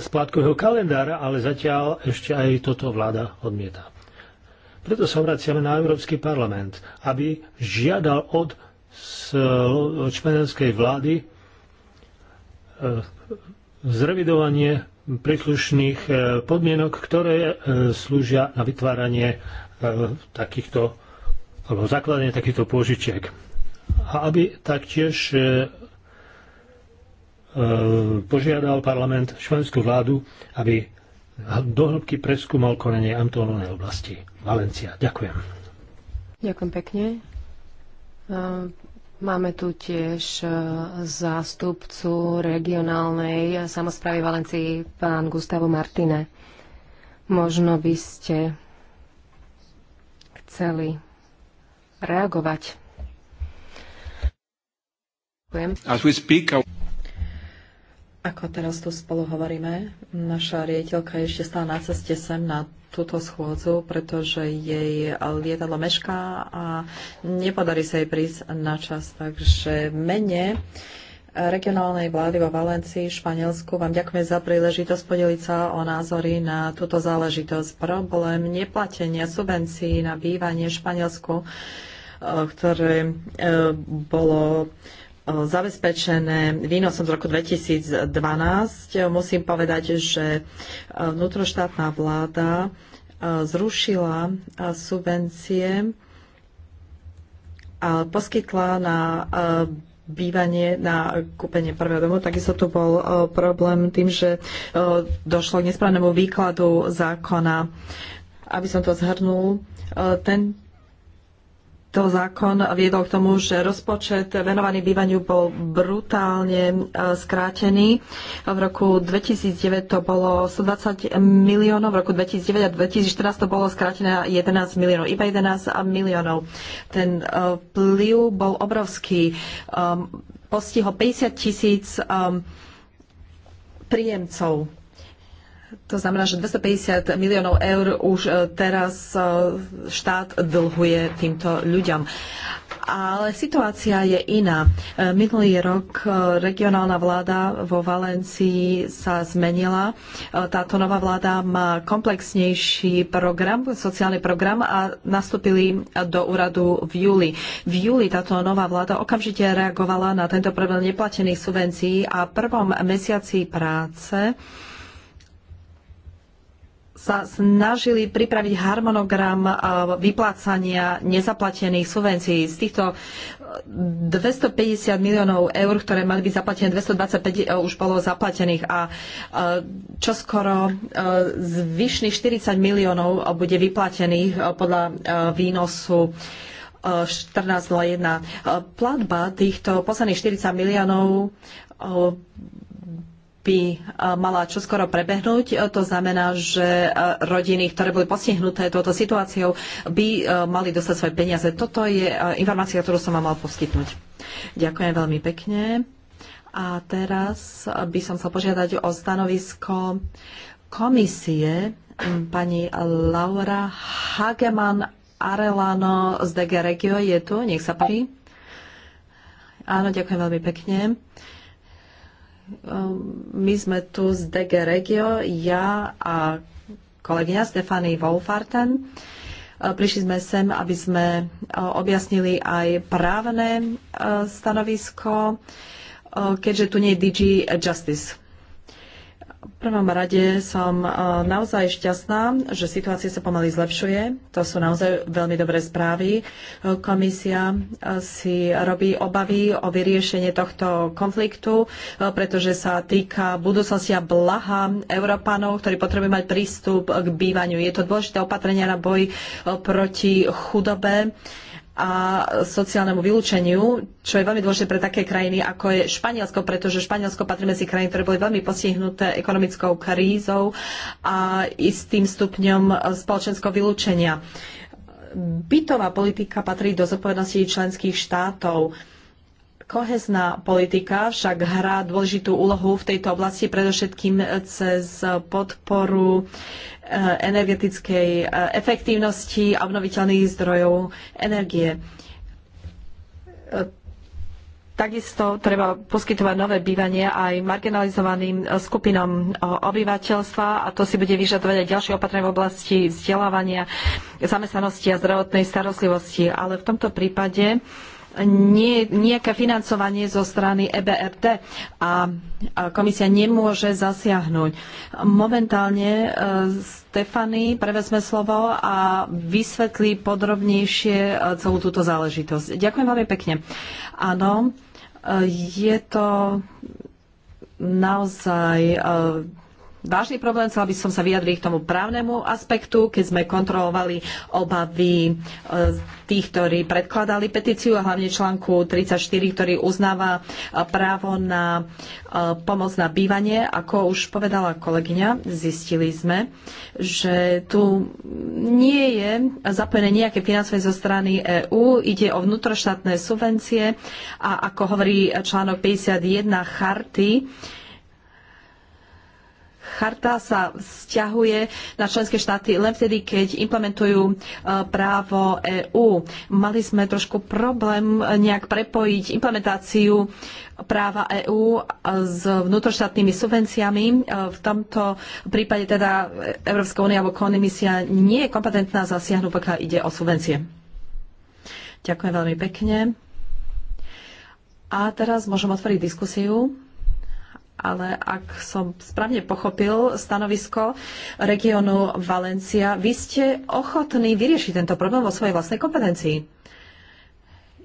splátkového kalendára, ale zatiaľ ešte aj toto vláda odmieta. Preto sa vraciame na Európsky parlament, aby žiadal od z, eh, od španielskej vlády eh, zrevidovanie príslušných eh, podmienok, ktoré slúžia na vytváranie takýchto alebo zakladanie takýchto pôžičiek. A aby taktiež požiadal parlament švenskú vládu, aby dohlbky preskúmal konanie Antónovnej oblasti Valencia. Ďakujem. Ďakujem pekne. Ehm, máme tu tiež e, zástupcu regionálnej samozprávy Valencii, pán Gustavo Martine. Možno by ste chceli reagovať. Ďakujem. Ako teraz tu spolu hovoríme, naša riediteľka je ešte stále na ceste sem na túto schôdzu, pretože jej lietadlo mešká a nepodarí sa jej prísť na čas. Takže mene regionálnej vlády vo Valencii, Španielsku. Vám ďakujem za príležitosť podeliť sa o názory na túto záležitosť. Problém neplatenia subvencií na bývanie v Španielsku, eh, ktoré eh, bolo zabezpečené výnosom z roku 2012. Musím povedať, že e, vnútroštátna vláda e, zrušila e, subvencie a poskytla na bývanie na kúpenie prvého domu, takisto tu bol problém tým, že došlo k nesprávnemu výkladu zákona. Aby som to zhrnul, ten tento zákon viedol k tomu, že rozpočet venovaný bývaniu bol brutálne e, skrátený. V roku 2009 to bolo 120 miliónov, v roku 2009 a 2014 to bolo skrátené 11 miliónov, iba 11 miliónov. Ten e, vplyv bol obrovský. E, postihol 50 tisíc príjemcov to znamená, že 250 miliónov eur už e, teraz e, štát dlhuje týmto ľuďom. Ale situácia je iná. E, minulý rok regionálna vláda vo Valencii sa zmenila. Táto nová vláda má komplexnejší program, sociálny program a nastúpili do úradu v júli. V júli táto nová vláda okamžite reagovala na tento problém neplatených subvencií a prvom mesiaci práce sa snažili pripraviť harmonogram eh, vyplácania nezaplatených subvencií. Z týchto 250 eh, miliónov eur, ktoré mali byť zaplatené, 225 eh, už bolo zaplatených a čoskoro zvyšných 40 miliónov bude vyplatených podľa výnosu 14.01. Platba týchto posledných 40 miliónov by e, mala čoskoro prebehnúť. E, to znamená, že e, rodiny, ktoré boli postihnuté touto situáciou, by mali dostať svoje peniaze. Toto je informácia, ktorú som vám mal poskytnúť. Ďakujem veľmi pekne. A teraz by som sa požiadať o stanovisko komisie pani Laura Hageman Arelano z DG Regio je tu, nech sa páči. Áno, ďakujem veľmi pekne. Uh, Um, my sme tu z DG Regio, ja a kolegyňa Stefany Wolfarten. Uh, prišli sme sem, aby sme uh, objasnili aj právne uh, stanovisko, keďže tu nie je DG Justice. V prvom rade som e, naozaj šťastná, že situácia sa pomaly zlepšuje. To sú naozaj veľmi dobré správy. E, komisia e, si robí obavy o vyriešenie tohto konfliktu, pretože sa týka budúcnosti a blaha Európanov, ktorí potrebujú mať prístup k bývaniu. Je to dôležité opatrenie na boj proti chudobe a sociálnemu vylúčeniu, čo je veľmi dôležité pre také krajiny, ako je Španielsko, pretože Španielsko patrí medzi krajiny, ktoré boli veľmi postihnuté ekonomickou krízou a istým stupňom spoločenského vylúčenia. Bytová politika patrí do zodpovednosti členských štátov Kohezná politika však hrá dôležitú úlohu v tejto oblasti predovšetkým cez podporu eh, energetickej eh, efektívnosti a obnoviteľných zdrojov energie. Eh, takisto treba poskytovať nové bývanie aj marginalizovaným skupinám obyvateľstva a to si bude vyžadovať aj ďalšie opatrenia v oblasti vzdelávania, zamestnanosti a zdravotnej starostlivosti. Ale v tomto prípade nie, nejaké financovanie zo strany EBRD a komisia nemôže zasiahnuť. Momentálne e, Stefany, prevezme slovo a vysvetlí podrobnejšie e, celú túto záležitosť. Ďakujem veľmi pekne. Áno, e, je to naozaj vážny problém. Chcela by som sa vyjadriť k tomu právnemu aspektu, keď sme kontrolovali obavy e, tých, ktorí predkladali petíciu a hlavne článku 34, ktorý uznáva e, právo na e, pomoc na bývanie. Ako už povedala kolegyňa, zistili sme, že tu nie je zapojené nejaké financovanie zo strany EÚ, ide o vnútroštátne subvencie a ako hovorí článok 51 charty, charta sa vzťahuje na členské štáty len vtedy, keď implementujú e, právo EÚ. Mali sme trošku problém e, nejak prepojiť implementáciu práva EÚ e, s vnútroštátnymi subvenciami. V tomto prípade teda Európska únia alebo komisia nie je kompetentná zasiahnuť, pokiaľ ide o subvencie. Ďakujem veľmi pekne. A teraz môžem otvoriť diskusiu ale ak som správne pochopil stanovisko regiónu Valencia, vy ste ochotní vyriešiť tento problém vo svojej vlastnej kompetencii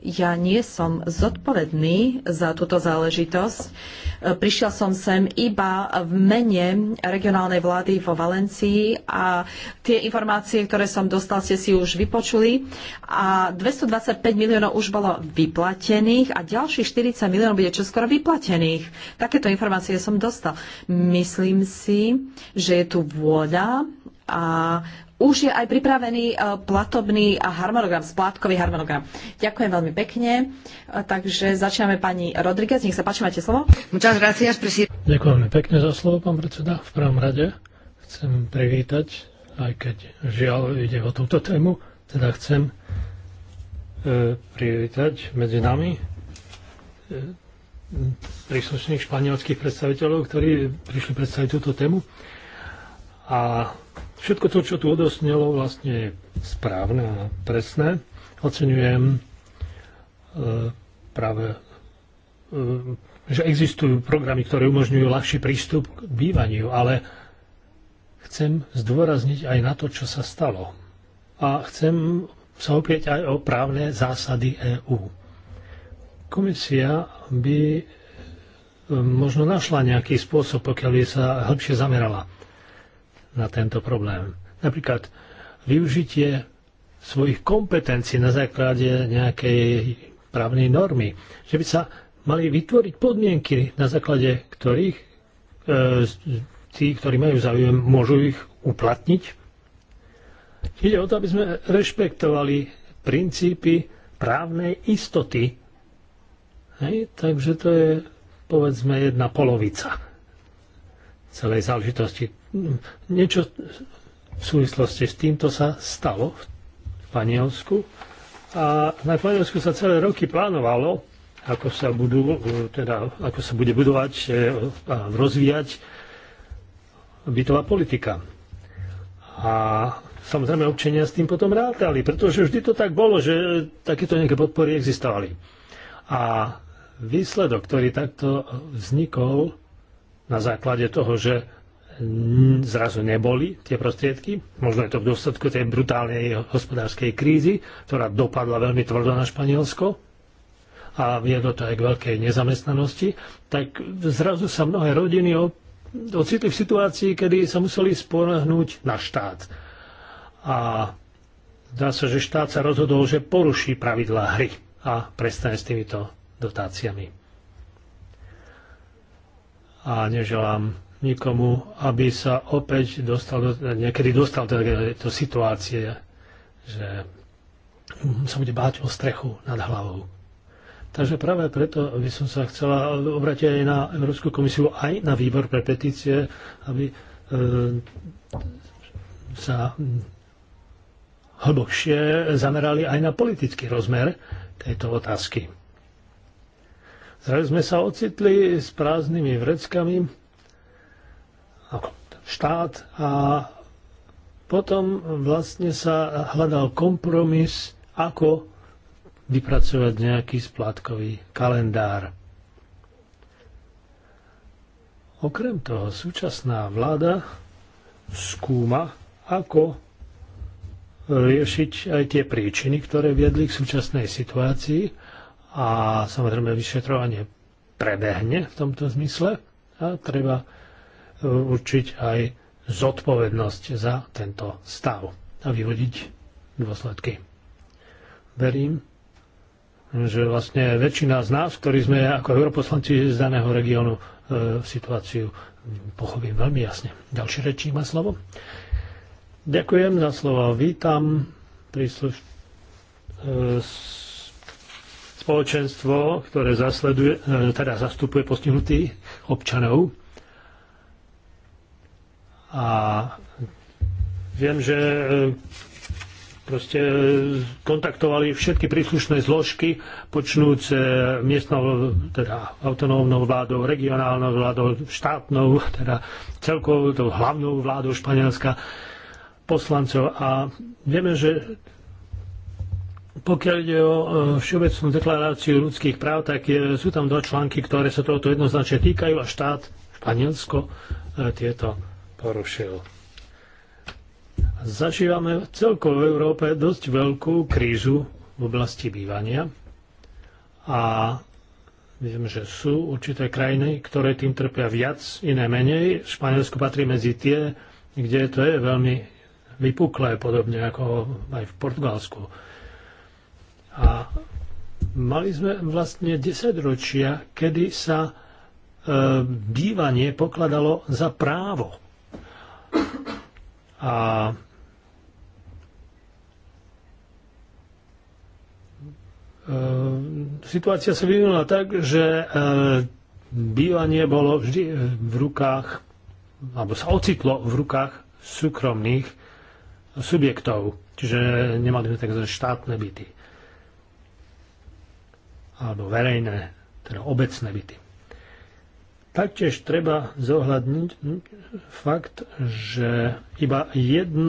ja nie som zodpovedný za túto záležitosť. Prišiel som sem iba v mene regionálnej vlády vo Valencii a tie informácie, ktoré som dostal, ste si už vypočuli. A 225 miliónov už bolo vyplatených a ďalších 40 miliónov bude čoskoro vyplatených. Takéto informácie som dostal. Myslím si, že je tu vôľa a už je aj pripravený e, platobný a harmonogram, splátkový harmonogram. Ďakujem veľmi pekne. E, takže začíname pani Rodríguez. Nech sa páči, máte slovo. Ďakujem veľmi pekne za slovo, pán predseda. V prvom rade chcem privítať, aj keď žiaľ ide o túto tému, teda chcem e, privítať medzi nami príslušných španielských predstaviteľov, ktorí prišli predstaviť túto tému. A Všetko to, čo tu odosnelo, vlastne je správne a presné. Oceňujem e, práve e, že existujú programy, ktoré umožňujú ľahší prístup k bývaniu, ale chcem zdôrazniť aj na to, čo sa stalo. A chcem sa oprieť aj o právne zásady EÚ. Komisia by e, možno našla nejaký spôsob, pokiaľ by sa hĺbšie zamerala na tento problém. Napríklad využitie svojich kompetencií na základe nejakej právnej normy. Že by sa mali vytvoriť podmienky, na základe ktorých e, tí, ktorí majú záujem, môžu ich uplatniť. Ide o to, aby sme rešpektovali princípy právnej istoty. Hej? Takže to je povedzme jedna polovica celej záležitosti niečo v súvislosti s týmto sa stalo v Španielsku. A na Španielsku sa celé roky plánovalo, ako sa, budú, teda, ako sa bude budovať e, a rozvíjať bytová politika. A samozrejme občania s tým potom rátali, pretože vždy to tak bolo, že takéto nejaké podpory existovali. A výsledok, ktorý takto vznikol na základe toho, že zrazu neboli tie prostriedky. Možno je to v dôsledku tej brutálnej hospodárskej krízy, ktorá dopadla veľmi tvrdo na Španielsko a viedlo to aj k veľkej nezamestnanosti, tak zrazu sa mnohé rodiny ocitli v situácii, kedy sa museli spolahnúť na štát. A zdá sa, že štát sa rozhodol, že poruší pravidlá hry a prestane s týmito dotáciami. A neželám nikomu, aby sa opäť dostal, do, niekedy dostal do, do situácie, že sa bude báť o strechu nad hlavou. Takže práve preto by som sa chcela obrátiť aj na Európsku komisiu, aj na výbor pre petície, aby e, sa hlbokšie zamerali aj na politický rozmer tejto otázky. Zrazu sme sa ocitli s prázdnymi vreckami, štát a potom vlastne sa hľadal kompromis, ako vypracovať nejaký splátkový kalendár. Okrem toho súčasná vláda skúma, ako riešiť aj tie príčiny, ktoré viedli k súčasnej situácii a samozrejme vyšetrovanie prebehne v tomto zmysle a treba určiť aj zodpovednosť za tento stav a vyvodiť dôsledky. Verím, že vlastne väčšina z nás, ktorí sme ako europoslanci z daného regiónu, e, situáciu pochopím veľmi jasne. Ďalší rečník má slovo. Ďakujem za slovo. Vítam prísluš... E, spoločenstvo, ktoré zasleduje, e, teda zastupuje postihnutých občanov a viem, že e, proste e, kontaktovali všetky príslušné zložky, počnúc miestnou, teda autonómnou vládou, regionálnou vládou, štátnou, teda celkovou tou hlavnou vládou Španielska, poslancov. A vieme, že pokiaľ ide o e, Všeobecnú deklaráciu ľudských práv, tak je, sú tam dva články, ktoré sa tohoto jednoznačne týkajú a štát, Španielsko, tieto porušil. Zažívame celkovo v Európe dosť veľkú krízu v oblasti bývania a viem, že sú určité krajiny, ktoré tým trpia viac, iné menej. Španielsko patrí medzi tie, kde to je veľmi vypuklé, podobne ako aj v Portugalsku. A mali sme vlastne 10 ročia, kedy sa e, bývanie pokladalo za právo. A e, situácia sa vyvinula tak, že e, bývanie bolo vždy v rukách, alebo sa ocitlo v rukách súkromných subjektov, čiže nemali sme takzvané štátne byty alebo verejné, teda obecné byty. Taktiež treba zohľadniť fakt, že iba 1% e,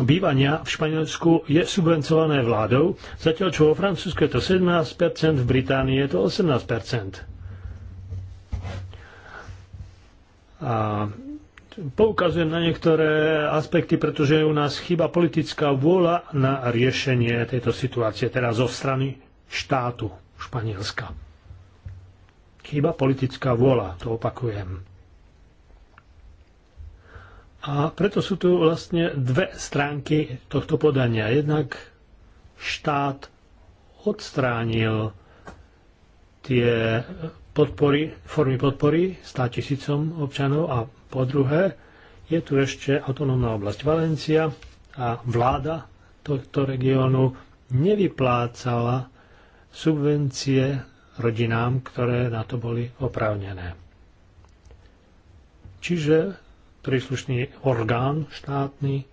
bývania v Španielsku je subvencované vládou, zatiaľ čo vo Francúzsku je to 17%, v Británii je to 18%. A poukazujem na niektoré aspekty, pretože u nás chyba politická vôľa na riešenie tejto situácie, teda zo strany štátu Španielska. Chyba politická vôľa, to opakujem. A preto sú tu vlastne dve stránky tohto podania. Jednak štát odstránil tie podpory, formy podpory 100 tisícom občanov a po druhé, je tu ešte autonómna oblasť Valencia a vláda tohto regiónu nevyplácala subvencie rodinám, ktoré na to boli oprávnené. Čiže príslušný orgán štátny,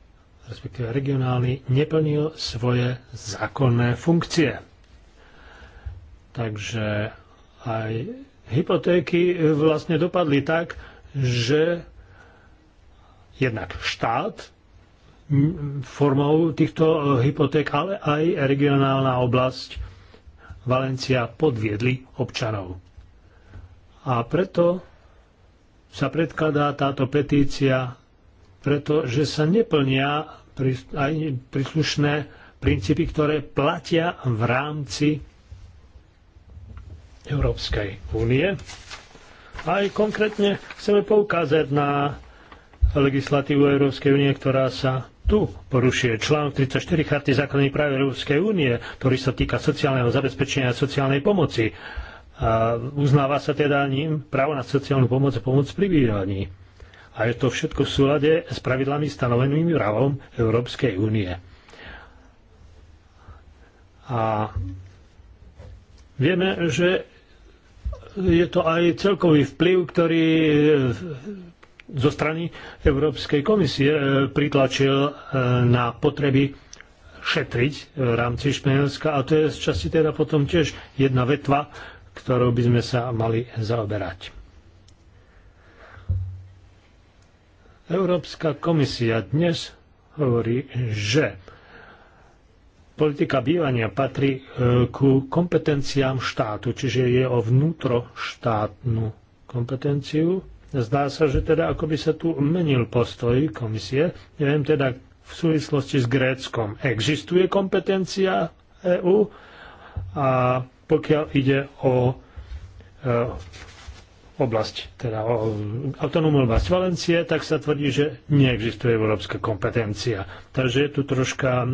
respektíve regionálny, neplnil svoje zákonné funkcie. Takže aj hypotéky vlastne dopadli tak, že jednak štát formou týchto e, hypoték, ale aj regionálna oblasť Valencia podviedli občanov. A preto sa predkladá táto petícia, pretože sa neplnia aj príslušné princípy, ktoré platia v rámci Európskej únie. Aj konkrétne chceme poukázať na legislatívu Európskej únie, ktorá sa tu porušuje článok 34 Charty základných práv Európskej únie, ktorý sa týka sociálneho zabezpečenia a sociálnej pomoci. A uznáva sa teda ním právo na sociálnu pomoc a pomoc pri bývaní. A je to všetko v súlade s pravidlami stanovenými právom Európskej únie. A vieme, že je to aj celkový vplyv, ktorý zo strany Európskej komisie e, pritlačil e, na potreby šetriť e, v rámci Španielska a to je z časti teda potom tiež jedna vetva, ktorou by sme sa mali zaoberať. Európska komisia dnes hovorí, že politika bývania patrí ku kompetenciám štátu, čiže je o vnútroštátnu kompetenciu Zdá sa, že teda ako by sa tu menil postoj komisie. Neviem teda v súvislosti s Gréckom. Existuje kompetencia EÚ a pokiaľ ide o e, oblasť, teda o autonómnu oblasť Valencie, tak sa tvrdí, že neexistuje európska kompetencia. Takže je tu troška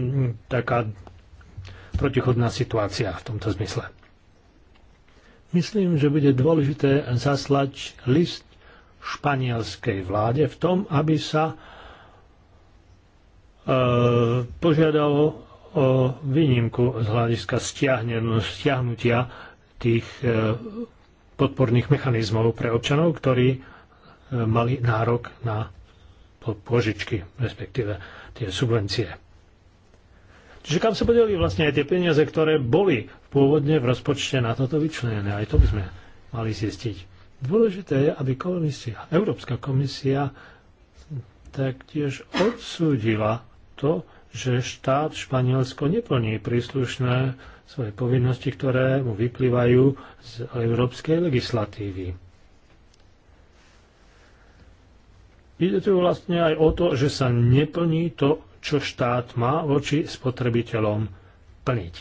taká protichodná situácia v tomto zmysle. Myslím, že bude dôležité zaslať list španielskej vláde v tom, aby sa e, požiadalo o výnimku z hľadiska stiahnutia tých e, podporných mechanizmov pre občanov, ktorí e, mali nárok na požičky, respektíve tie subvencie. Čiže kam sa podeli vlastne aj tie peniaze, ktoré boli pôvodne v rozpočte na toto vyčlenené? Aj to by sme mali zistiť. Dôležité je, aby komisia, Európska komisia taktiež odsúdila to, že štát Španielsko neplní príslušné svoje povinnosti, ktoré mu vyplývajú z európskej legislatívy. Ide tu vlastne aj o to, že sa neplní to, čo štát má voči spotrebiteľom plniť.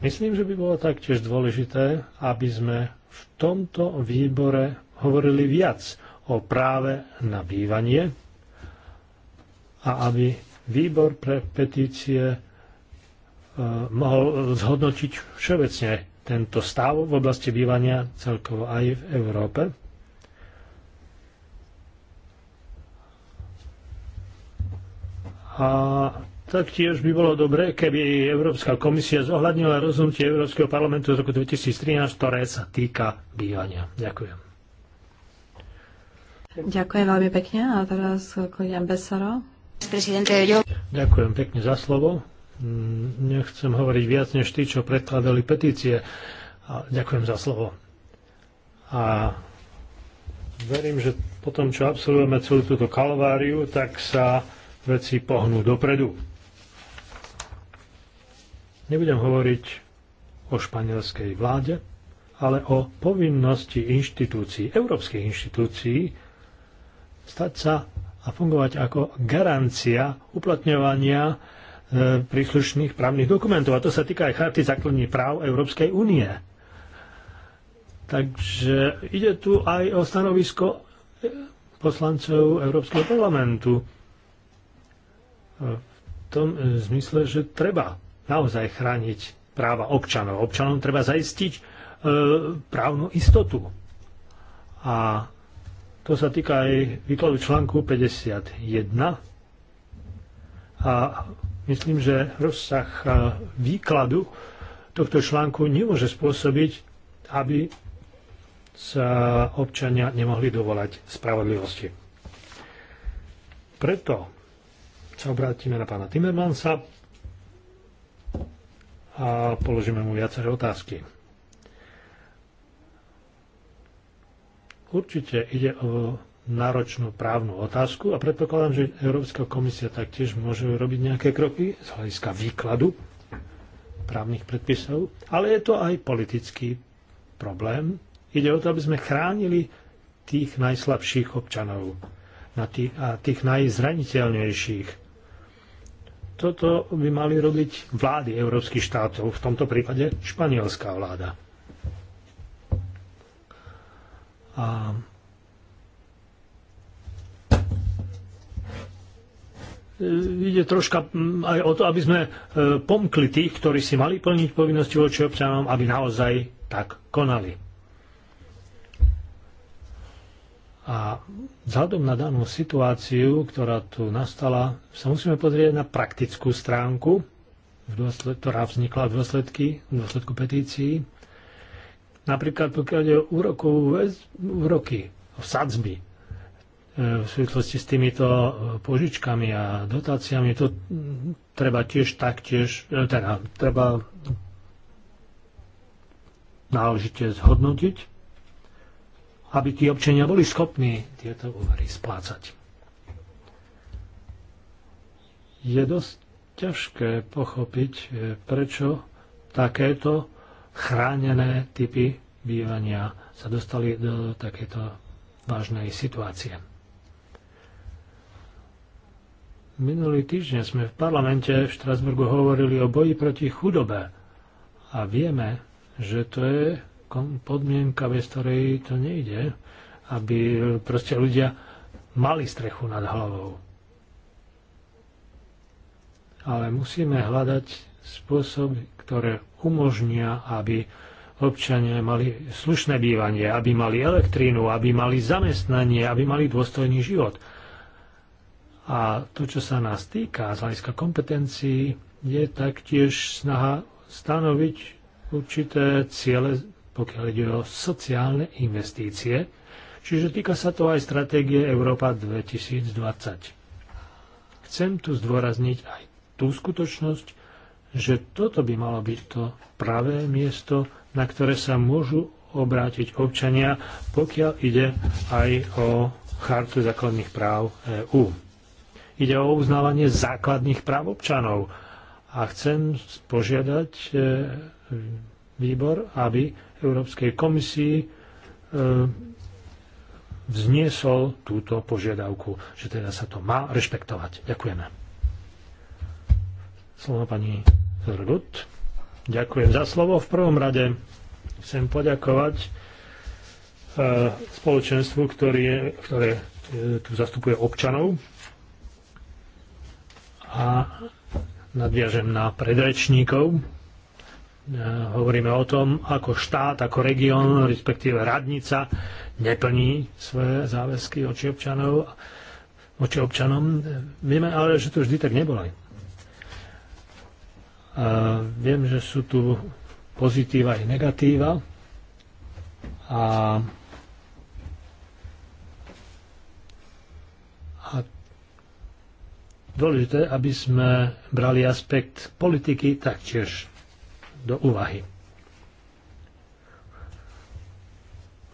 Myslím, že by bolo taktiež dôležité, aby sme v tomto výbore hovorili viac o práve na bývanie a aby výbor pre petície e, mohol zhodnotiť všeobecne tento stav v oblasti bývania celkovo aj v Európe. A Taktiež by bolo dobré, keby Európska komisia zohľadnila rozhodnutie Európskeho parlamentu z roku 2013, ktoré sa týka bývania. Ďakujem. Ďakujem veľmi pekne. A teraz kľudiam Besaro. Ďakujem pekne za slovo. Nechcem hovoriť viac než tí, čo predkladali petície. Ďakujem za slovo. A verím, že potom, čo absolvujeme celú túto kalváriu, tak sa veci pohnú dopredu. Nebudem hovoriť o španielskej vláde, ale o povinnosti inštitúcií, európskych inštitúcií, stať sa a fungovať ako garancia uplatňovania e, príslušných právnych dokumentov. A to sa týka aj charty základných práv Európskej únie. Takže ide tu aj o stanovisko e, poslancov Európskeho parlamentu. E, v tom zmysle, že treba naozaj chrániť práva občanov. Občanom treba zaistiť e, právnu istotu. A to sa týka aj výkladu článku 51. A myslím, že rozsah e, výkladu tohto článku nemôže spôsobiť, aby sa občania nemohli dovolať spravodlivosti. Preto sa obrátime na pána Timmermansa, a položíme mu viaceré otázky. Určite ide o náročnú právnu otázku a predpokladám, že Európska komisia taktiež môže robiť nejaké kroky z hľadiska výkladu právnych predpisov, ale je to aj politický problém. Ide o to, aby sme chránili tých najslabších občanov a tých najzraniteľnejších toto by mali robiť vlády európskych štátov, v tomto prípade španielská vláda. A ide troška mm, aj o to, aby sme e, pomkli tých, ktorí si mali plniť povinnosti voči občanom, aby naozaj tak konali. A vzhľadom na danú situáciu, ktorá tu nastala, sa musíme pozrieť na praktickú stránku, ktorá vznikla v, dôsledky, v dôsledku petícií. Napríklad pokiaľ je úrokovú väz, úroky, sadzby e, v súvislosti s týmito e, požičkami a dotáciami, to treba tiež taktiež, e, teda treba náležite zhodnotiť aby tí občania boli schopní tieto úvery splácať. Je dosť ťažké pochopiť, eh, prečo takéto chránené typy bývania sa dostali do takéto vážnej situácie. Minulý týždeň sme v parlamente v Štrasburgu hovorili o boji proti chudobe a vieme, že to je podmienka, bez ktorej to nejde, aby proste ľudia mali strechu nad hlavou. Ale musíme hľadať spôsoby, ktoré umožnia, aby občania mali slušné bývanie, aby mali elektrínu, aby mali zamestnanie, aby mali dôstojný život. A to, čo sa nás týka z hľadiska kompetencií, je taktiež snaha stanoviť určité ciele pokiaľ ide o sociálne investície, čiže týka sa to aj stratégie Európa 2020. Chcem tu zdôrazniť aj tú skutočnosť, že toto by malo byť to pravé miesto, na ktoré sa môžu obrátiť občania, pokiaľ ide aj o chartu základných práv EÚ. Ide o uznávanie základných práv občanov a chcem požiadať e, výbor, aby Európskej komisii e, vzniesol túto požiadavku, že teda sa to má rešpektovať. Ďakujeme. Slovo pani Zorgut. Ďakujem za slovo. V prvom rade chcem poďakovať e, spoločenstvu, ktoré, ktoré e, tu zastupuje občanov a nadviažem na predrečníkov. Eh, hovoríme o tom, ako štát, ako región, respektíve radnica neplní svoje záväzky oči občanov, oči občanom. Vieme ale, že to vždy tak nebolo. A viem, že sú tu pozitíva i negatíva. A, a dôležité, aby sme brali aspekt politiky taktiež do úvahy.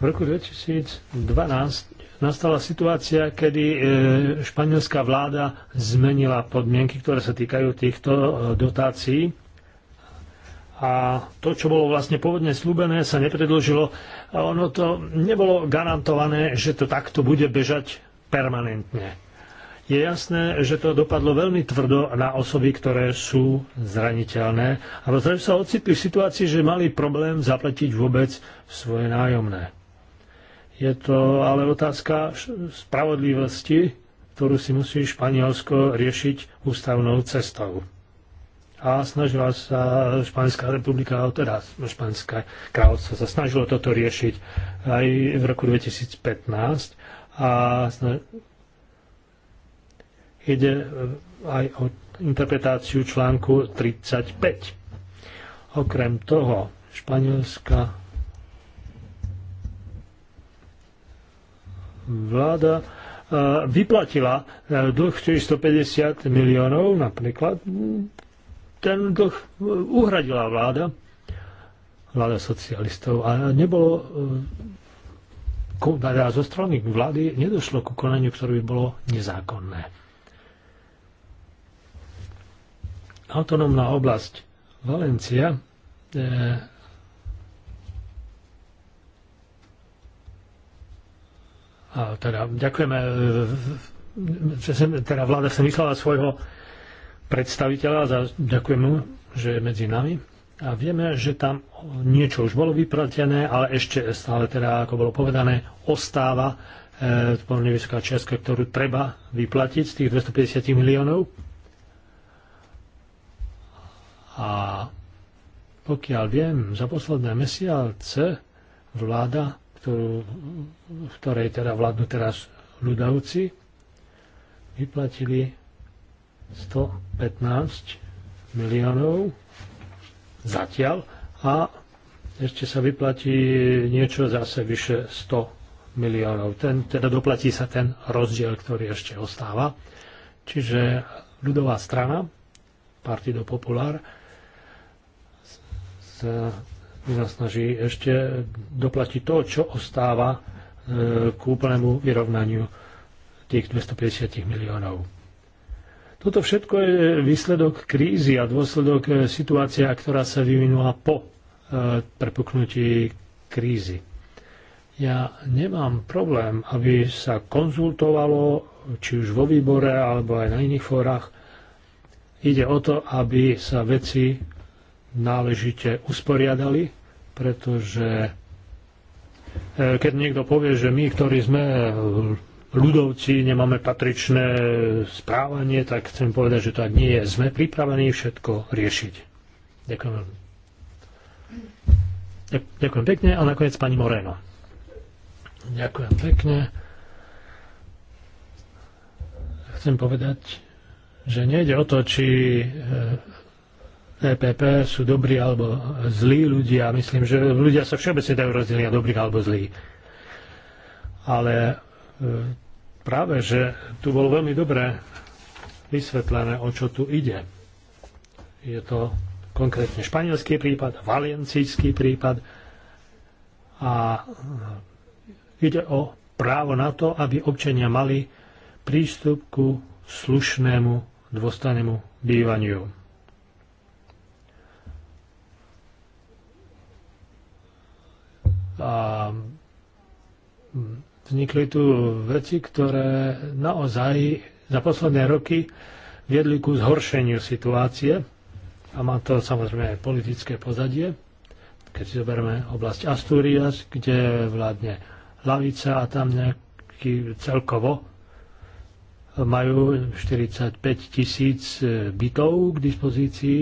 V roku 2012 nastala situácia, kedy e, španielská vláda zmenila podmienky, ktoré sa týkajú týchto e, dotácií. A to, čo bolo vlastne pôvodne slúbené, sa nepredložilo. Ono to nebolo garantované, že to takto bude bežať permanentne. Je jasné, že to dopadlo veľmi tvrdo na osoby, ktoré sú zraniteľné a pretože sa ocitli v situácii, že mali problém zaplatiť vôbec svoje nájomné. Je to ale otázka spravodlivosti, ktorú si musí Španielsko riešiť ústavnou cestou. A snažila sa Španská republika, teda Španské kráľovstvo sa snažilo toto riešiť aj v roku 2015 a ide eh, aj o interpretáciu článku 35. Okrem toho, španielská vláda eh, vyplatila eh, dlh 450 miliónov napríklad. Hm, ten dlh uhradila vláda, vláda socialistov a nebolo teda zo strany vlády nedošlo ku konaniu, ktoré by bolo nezákonné. autonómna oblasť Valencia e, a teda ďakujeme že sem, e, e, teda vláda sem vyslala svojho predstaviteľa a ďakujem mu, že je medzi nami a vieme, že tam niečo už bolo vyplatené, ale ešte stále teda, ako bolo povedané, ostáva e, pomerne vysoká čiastka, ktorú treba vyplatiť z tých 250 miliónov a pokiaľ viem, za posledné mesiace vláda, ktorú, v ktorej teda vládnu teraz ľudovci, vyplatili 115 miliónov zatiaľ a ešte sa vyplatí niečo zase vyše 100 miliónov. Ten, teda doplatí sa ten rozdiel, ktorý ešte ostáva. Čiže ľudová strana, Partido Popular, E, sa snaží ešte doplatiť to, čo ostáva e, k úplnému vyrovnaniu tých 250 miliónov. Toto všetko je výsledok krízy a dôsledok e, situácia, ktorá sa vyvinula po prepuknutí krízy. Ja nemám problém, aby sa konzultovalo, či už vo výbore, alebo aj na iných fórach. Ide o to, aby sa veci náležite usporiadali, pretože e, keď niekto povie, že my, ktorí sme e, ľudovci, nemáme patričné správanie, tak chcem povedať, že to tak nie je. Sme pripravení všetko riešiť. Ďakujem veľmi. Ďakujem pekne a nakoniec pani Moreno. Ďakujem pekne. Chcem povedať, že nejde o to, či e, EPP sú dobrí alebo zlí ľudia. Myslím, že ľudia sa všeobecne dajú rozdeliť na dobrých alebo zlí. Ale e, práve, že tu bolo veľmi dobre vysvetlené, o čo tu ide. Je to konkrétne španielský prípad, valencijský prípad a ide o právo na to, aby občania mali prístup ku slušnému dôstojnému bývaniu. A mm, vznikli tu veci, ktoré naozaj za posledné roky viedli ku zhoršeniu situácie a má to samozrejme aj politické pozadie. Keď si zoberieme oblasť Asturias, kde vládne lavica a tam nejaký celkovo majú 45 tisíc bytov k dispozícii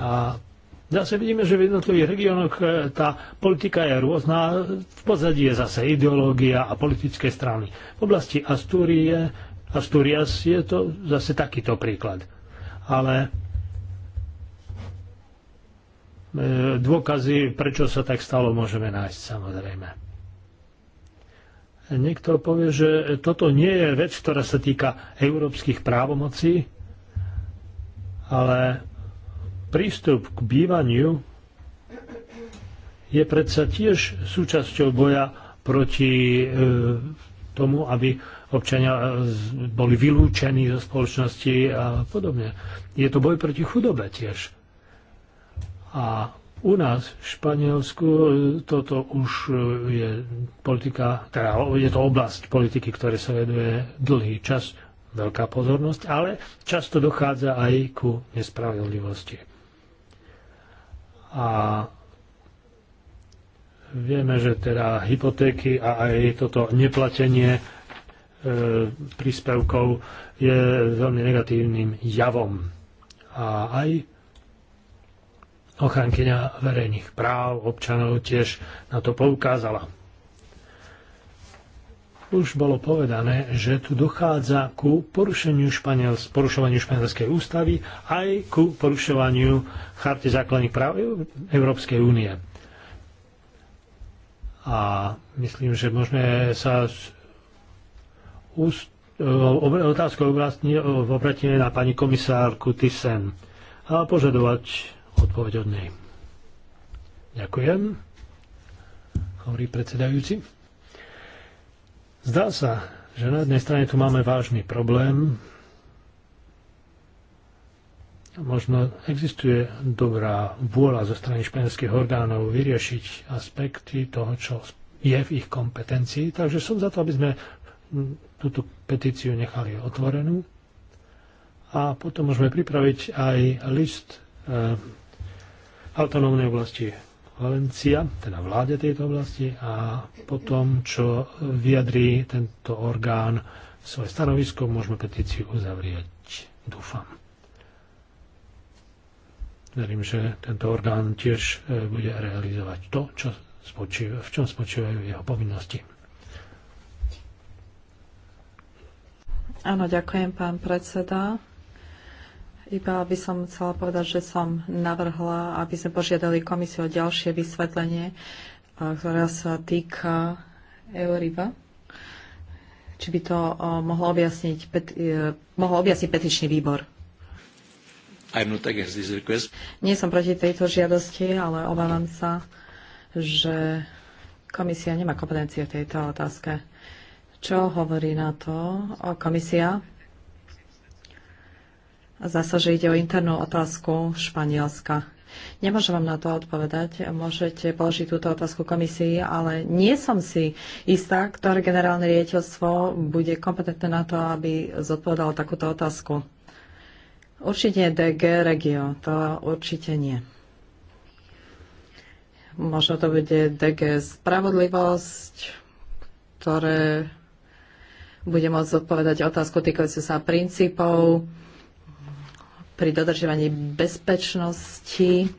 a Zase vidíme, že v jednotlivých regiónoch e, tá politika je rôzna. V pozadí je zase ideológia a politické strany. V oblasti Astúrie, Astúrias je to zase takýto príklad. Ale e, dôkazy, prečo sa tak stalo, môžeme nájsť samozrejme. Niekto povie, že toto nie je vec, ktorá sa týka európskych právomocí, ale Prístup k bývaniu je predsa tiež súčasťou boja proti e, tomu, aby občania boli vylúčení zo spoločnosti a podobne. Je to boj proti chudobe tiež. A u nás v Španielsku e, toto už e, je politika, teda je to oblasť politiky, ktoré sa veduje dlhý čas, veľká pozornosť, ale často dochádza aj ku nespravodlivosti. A vieme, že teda hypotéky a aj toto neplatenie e, príspevkov je veľmi negatívnym javom. A aj ochrankyňa verejných práv občanov tiež na to poukázala. Už bolo povedané, že tu dochádza ku porušeniu španiel, porušovaniu španielskej ústavy aj ku porušovaniu charty základných práv Európskej únie. A myslím, že môžeme sa otázkou obratíme na pani komisárku Tysen a požadovať odpoveď od nej. Ďakujem, hovorí predsedajúci. Zdá sa, že na jednej strane tu máme vážny problém. Možno existuje dobrá vôľa zo strany španielských orgánov vyriešiť aspekty toho, čo je v ich kompetencii. Takže som za to, aby sme túto petíciu nechali otvorenú. A potom môžeme pripraviť aj list e, autonómnej oblasti Valencia, teda vláde tejto oblasti a potom, čo vyjadrí tento orgán svoje stanovisko, môžeme petíciu uzavrieť, dúfam. Verím, že tento orgán tiež e, bude realizovať to, čo spočíva, v čom spočívajú jeho povinnosti. Áno, ďakujem, pán predseda. Iba by som chcela povedať, že som navrhla, aby sme požiadali komisiu o ďalšie vysvetlenie, eh, ktoré sa týka Euriba. Či by to eh, mohlo objasniť, eh, mohlo objasniť petičný výbor. Nie som proti tejto žiadosti, ale obávam sa, že komisia nemá kompetencie v tejto otázke. Čo hovorí na to komisia? zasa, že ide o internú otázku Španielska. Nemôžem vám na to odpovedať. Môžete položiť túto otázku komisii, ale nie som si istá, ktoré generálne riaditeľstvo bude kompetentné na to, aby zodpovedalo takúto otázku. Určite DG Regio, to určite nie. Možno to bude DG Spravodlivosť, ktoré bude môcť zodpovedať otázku týkajúcu sa princípov pri dodržovaní bezpečnosti.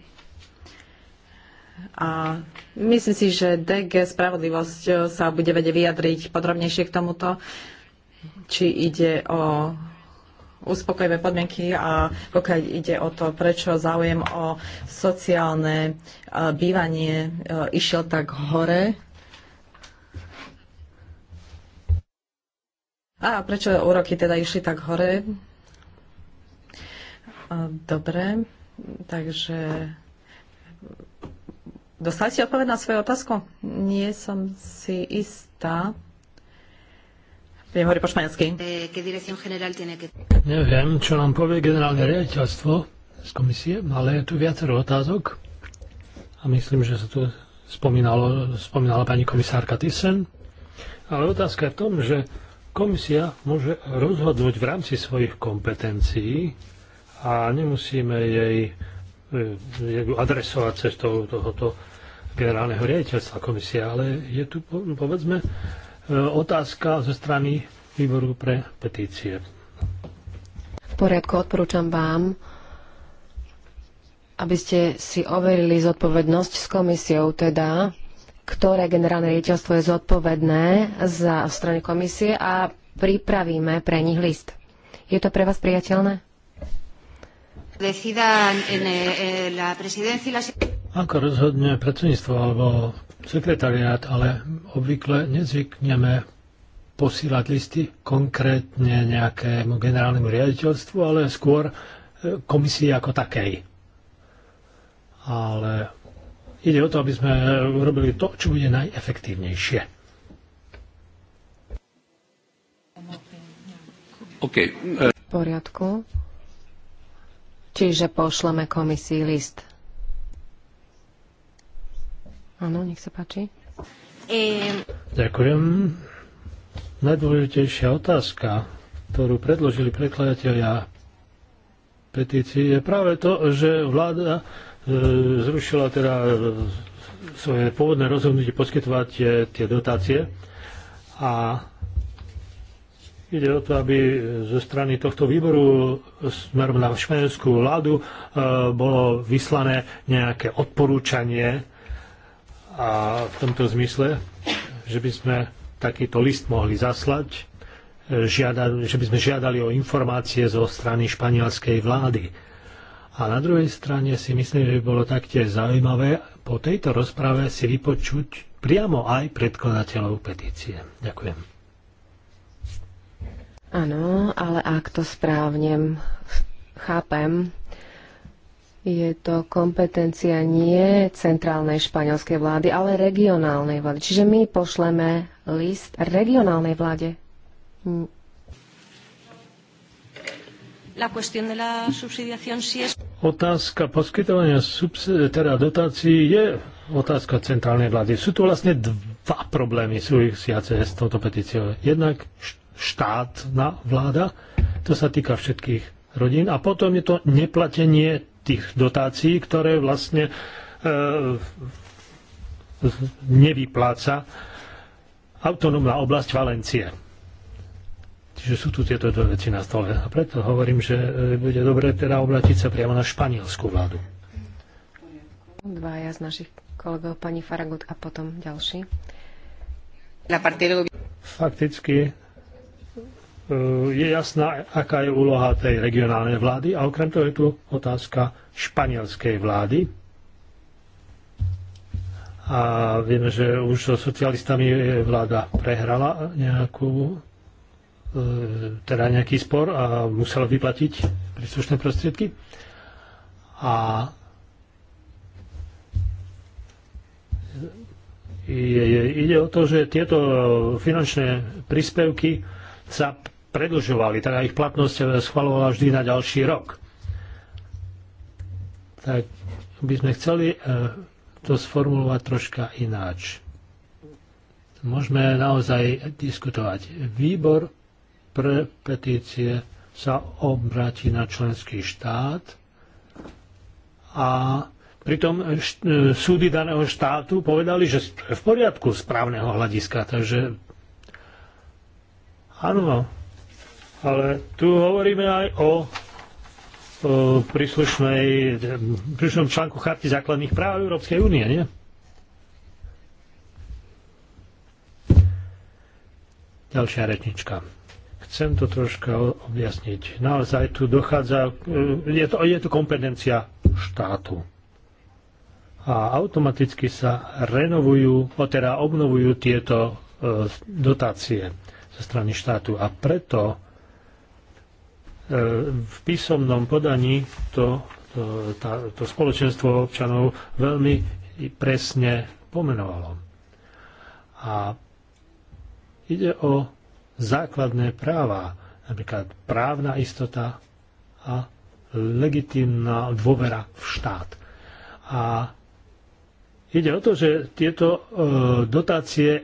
A myslím si, že DG Spravodlivosť e, sa bude vedieť vyjadriť podrobnejšie k tomuto, či ide o uspokojivé podmienky a pokiaľ ide o to, prečo záujem o sociálne e, bývanie e, išiel tak hore. A prečo úroky teda išli tak hore? Dobre, takže dostali ste odpoveď na svoju otázku? Nie som si istá. Viem hovoriť po španielsky. Eh, Neviem, čo nám povie generálne riaditeľstvo z komisie, ale je tu viacero otázok a myslím, že sa tu spomínalo, spomínala pani komisárka Thyssen. Ale otázka je v tom, že komisia môže rozhodnúť v rámci svojich kompetencií a nemusíme eh, jej adresovať cestou tohoto generálneho riaditeľstva komisie, ale je tu, povedzme, eh, otázka zo strany výboru pre petície. V poriadku odporúčam vám, aby ste si overili zodpovednosť s komisiou, teda ktoré generálne riaditeľstvo je zodpovedné za strany komisie a pripravíme pre nich list. Je to pre vás priateľné? Eh, eh, ako rozhodne predsedníctvo alebo sekretariát, ale obvykle nezvykneme posílať listy konkrétne nejakému generálnemu riaditeľstvu, ale skôr eh, komisii ako takej. Ale ide o to, aby sme urobili to, čo bude najefektívnejšie. Okay. V poriadku. Čiže pošleme komisii list. Áno, nech sa páči. Ďakujem. Najdôležitejšia otázka, ktorú predložili prekladatelia petícii, je práve to, že vláda e, zrušila teda e, svoje pôvodné rozhodnutie poskytovať tie dotácie a Ide o to, aby zo strany tohto výboru smerom na španielskú vládu e, bolo vyslané nejaké odporúčanie a v tomto zmysle, že by sme takýto list mohli zaslať, e, že by sme žiadali o informácie zo strany španielskej vlády. A na druhej strane si myslím, že by bolo taktiež zaujímavé po tejto rozprave si vypočuť priamo aj predkladateľov petície. Ďakujem. Áno, ale ak to správne chápem, je to kompetencia nie centrálnej španielskej vlády, ale regionálnej vlády. Čiže my pošleme list regionálnej vláde. Otázka poskytovania teda dotácií je otázka centrálnej vlády. Sú tu vlastne dva problémy súvisiace s touto petíciou. Jednak štátna vláda. To sa týka všetkých rodín. A potom je to neplatenie tých dotácií, ktoré vlastne e, nevypláca autonómna oblasť Valencie. Čiže sú tu tieto dve veci na stole. A preto hovorím, že e, bude dobre teda obrátiť sa priamo na španielskú vládu. Dvaja z našich kolegov, pani Faragut a potom ďalší. Fakticky Eh, je jasná, aká je úloha tej regionálnej vlády a okrem toho je tu otázka španielskej vlády. A vieme, že už so socialistami vláda prehrala nejakú, eh, teda nejaký spor a musela vyplatiť príslušné prostriedky. A ide o to, že tieto finančné príspevky sa predlžovali, teda ich platnosť schvalovala vždy na ďalší rok. Tak by sme chceli eh, to sformulovať troška ináč. Môžeme naozaj diskutovať. Výbor pre petície sa obráti na členský štát a pritom eh, eh, súdy daného štátu povedali, že v poriadku správneho hľadiska, takže áno, no. Ale tu hovoríme aj o, o príslušnej, príslušnom článku Charty základných práv Európskej únie, nie? Ďalšia rečnička. Chcem to troška objasniť. Naozaj tu dochádza, e, je to, je to kompetencia štátu. A automaticky sa renovujú, teda obnovujú tieto e, dotácie zo strany štátu. A preto v písomnom podaní to, to, tá, to spoločenstvo občanov veľmi presne pomenovalo. A ide o základné práva, napríklad právna istota a legitímna dôvera v štát. A ide o to, že tieto e, dotácie e,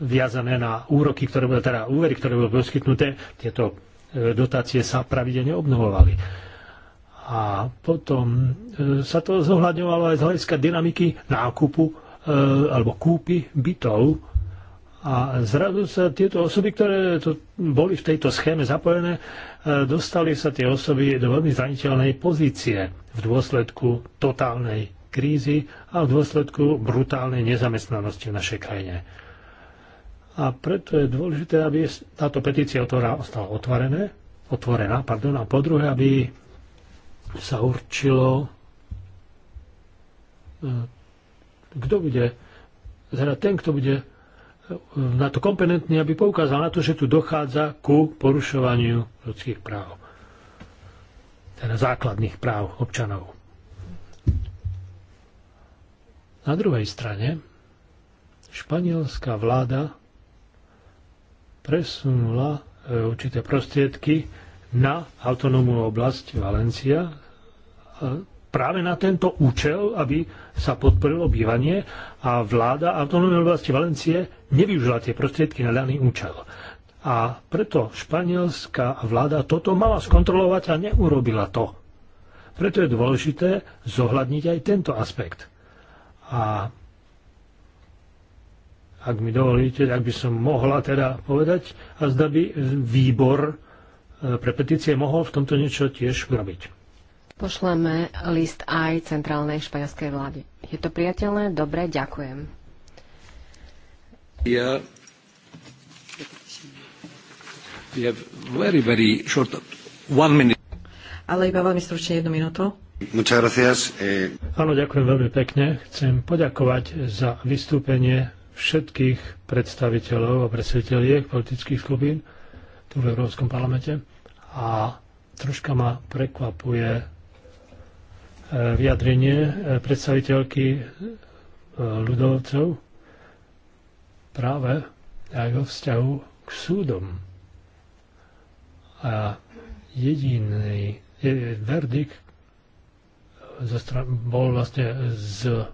viazané na úroky, ktoré boli, teda úvery, ktoré boli poskytnuté, tieto e, dotácie sa pravidelne obnovovali. A potom e, sa to zohľadňovalo aj z hľadiska dynamiky nákupu e, alebo kúpy bytov. A zrazu sa tieto osoby, ktoré to boli v tejto schéme zapojené, dostali sa tie osoby do veľmi zraniteľnej pozície v dôsledku totálnej krízy a v dôsledku brutálnej nezamestnanosti v našej krajine. A preto je dôležité, aby táto petícia otvára, ostala otvorené, otvorená pardon, a po druhé, aby sa určilo, e, kto bude, teda ten, kto bude e, na to kompetentný, aby poukázal na to, že tu dochádza ku porušovaniu ľudských práv, teda základných práv občanov. Na druhej strane, španielská vláda presunula e, určité prostriedky na autonómnu oblasť Valencia e, práve na tento účel, aby sa podporilo bývanie a vláda autonómnej oblasti Valencie nevyužila tie prostriedky na daný účel. A preto španielská vláda toto mala skontrolovať a neurobila to. Preto je dôležité zohľadniť aj tento aspekt. A ak mi dovolíte, ak by som mohla teda povedať, a zda by výbor e, pre petície mohol v tomto niečo tiež urobiť. Pošleme list aj centrálnej španielskej vlády. Je to priateľné? Dobre, ďakujem. Ja... very, very short... One minute. Ale iba veľmi stručne jednu minútu. Eh. Áno, ďakujem veľmi pekne. Chcem poďakovať za vystúpenie všetkých predstaviteľov a predstaviteľiek politických skupín tu v Európskom parlamente a troška ma prekvapuje e, vyjadrenie e, predstaviteľky e, ľudovcov práve aj vo vzťahu k súdom. A jediný verdikt bol vlastne z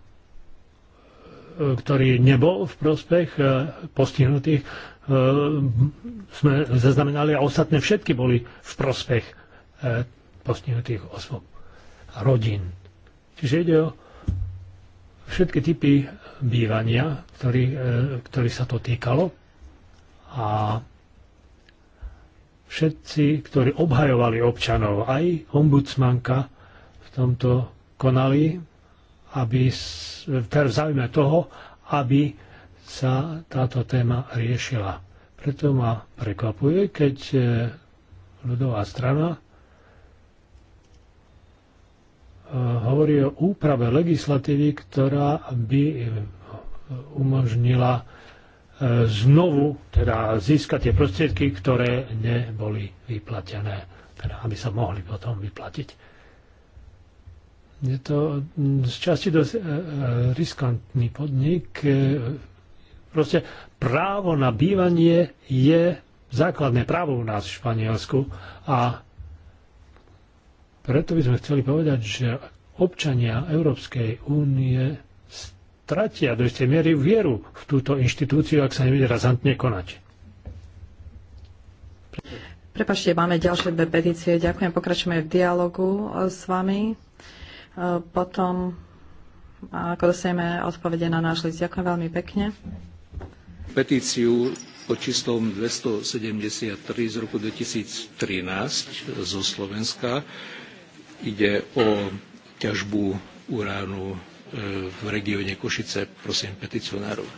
ktorý nebol v prospech e, postihnutých, e, sme zaznamenali a ostatné všetky boli v prospech e, postihnutých osôb a rodín. Čiže ide o všetky typy bývania, ktorý, ktorý sa to týkalo a všetci, ktorí obhajovali občanov, aj ombudsmanka v tomto konali aby v záujme toho, aby sa táto téma riešila. Preto ma prekvapuje, keď e, ľudová strana e, hovorí o úprave legislatívy, ktorá by umožnila e, znovu teda získať tie prostriedky, ktoré neboli vyplatené, teda aby sa mohli potom vyplatiť. Je to mm, z časti dosť e, e, riskantný podnik. E, proste právo na bývanie je základné právo u nás v Španielsku a preto by sme chceli povedať, že občania Európskej únie stratia do istej miery vieru v túto inštitúciu, ak sa nebude razantne konať. Prepašte, máme ďalšie dve petície. Ďakujem, pokračujeme v dialogu s vami potom, ako dostaneme odpovede na náš list. Ďakujem veľmi pekne. Petíciu pod číslom 273 z roku 2013 zo Slovenska ide o ťažbu uránu e, v regióne Košice. Prosím peticionárov.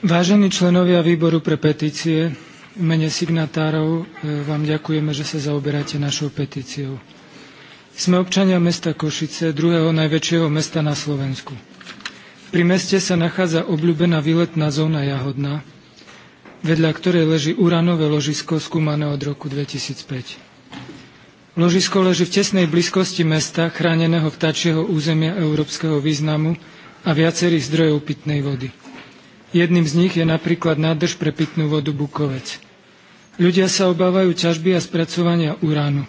Vážení členovia výboru pre petície, v mene signatárov e, vám ďakujeme, že sa zaoberáte našou petíciou. Sme občania mesta Košice, druhého najväčšieho mesta na Slovensku. Pri meste sa nachádza obľúbená výletná zóna Jahodná, vedľa ktorej leží uranové ložisko skúmané od roku 2005. Ložisko leží v tesnej blízkosti mesta, chráneného vtáčieho územia európskeho významu a viacerých zdrojov pitnej vody. Jedným z nich je napríklad nádrž pre pitnú vodu Bukovec. Ľudia sa obávajú ťažby a spracovania uránu.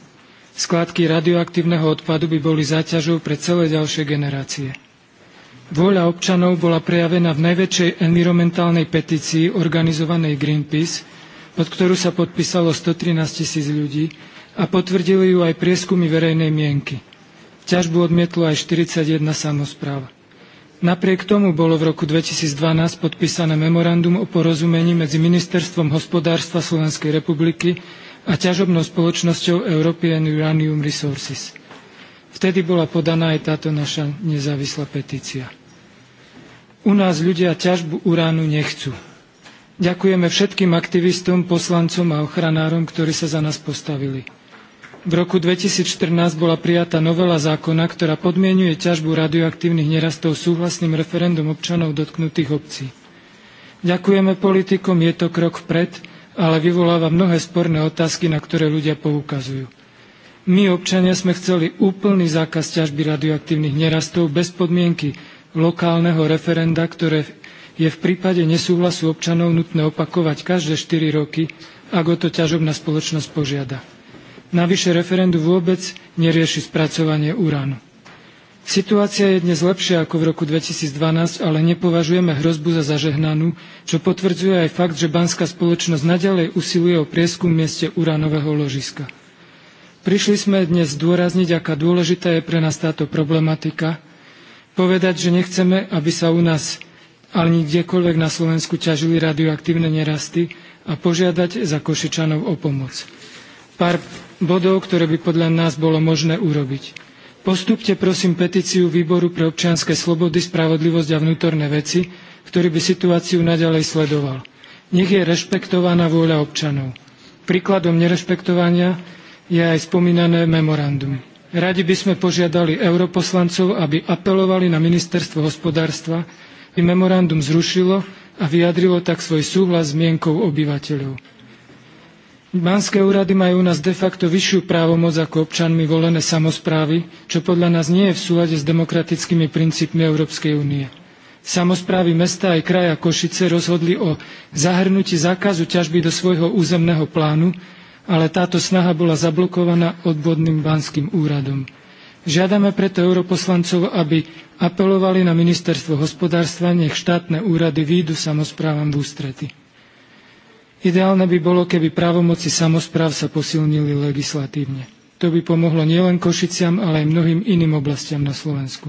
Skládky radioaktívneho odpadu by boli záťažou pre celé ďalšie generácie. Vôľa občanov bola prejavená v najväčšej environmentálnej petícii organizovanej Greenpeace, pod ktorú sa podpísalo 113 tisíc ľudí a potvrdili ju aj prieskumy verejnej mienky. Ťažbu odmietlo aj 41 samozpráv. Napriek tomu bolo v roku 2012 podpísané memorandum o porozumení medzi Ministerstvom hospodárstva Slovenskej republiky a ťažobnou spoločnosťou European Uranium Resources. Vtedy bola podaná aj táto naša nezávislá petícia. U nás ľudia ťažbu uránu nechcú. Ďakujeme všetkým aktivistom, poslancom a ochranárom, ktorí sa za nás postavili. V roku 2014 bola prijatá novela zákona, ktorá podmienuje ťažbu radioaktívnych nerastov súhlasným referendum občanov dotknutých obcí. Ďakujeme politikom, je to krok vpred, ale vyvoláva mnohé sporné otázky, na ktoré ľudia poukazujú. My, občania, sme chceli úplný zákaz ťažby radioaktívnych nerastov bez podmienky lokálneho referenda, ktoré je v prípade nesúhlasu občanov nutné opakovať každé štyri roky, ak o to ťažobná spoločnosť požiada. Navyše referendum vôbec nerieši spracovanie uránu. Situácia je dnes lepšia ako v roku 2012, ale nepovažujeme hrozbu za zažehnanú, čo potvrdzuje aj fakt, že banská spoločnosť naďalej usiluje o prieskum mieste uránového ložiska. Prišli sme dnes zdôrazniť, aká dôležitá je pre nás táto problematika, povedať, že nechceme, aby sa u nás ale kdekoľvek na Slovensku ťažili radioaktívne nerasty a požiadať za Košičanov o pomoc. Pár bodov, ktoré by podľa nás bolo možné urobiť. Postupte prosím petíciu Výboru pre občianske slobody, spravodlivosť a vnútorné veci, ktorý by situáciu naďalej sledoval. Nech je rešpektovaná vôľa občanov. Príkladom nerešpektovania je aj spomínané memorandum. Radi by sme požiadali europoslancov, aby apelovali na ministerstvo hospodárstva, aby memorandum zrušilo a vyjadrilo tak svoj súhlas s mienkou obyvateľov. Banské úrady majú u nás de facto vyššiu právomoc ako občanmi volené samozprávy, čo podľa nás nie je v súlade s demokratickými princípmi Európskej únie. Samozprávy mesta aj kraja Košice rozhodli o zahrnutí zákazu ťažby do svojho územného plánu, ale táto snaha bola zablokovaná odborným banským úradom. Žiadame preto europoslancov, aby apelovali na ministerstvo hospodárstva, nech štátne úrady výjdu samozprávam v ústrety. Ideálne by bolo, keby právomoci samospráv sa posilnili legislatívne. To by pomohlo nielen Košiciam, ale aj mnohým iným oblastiam na Slovensku.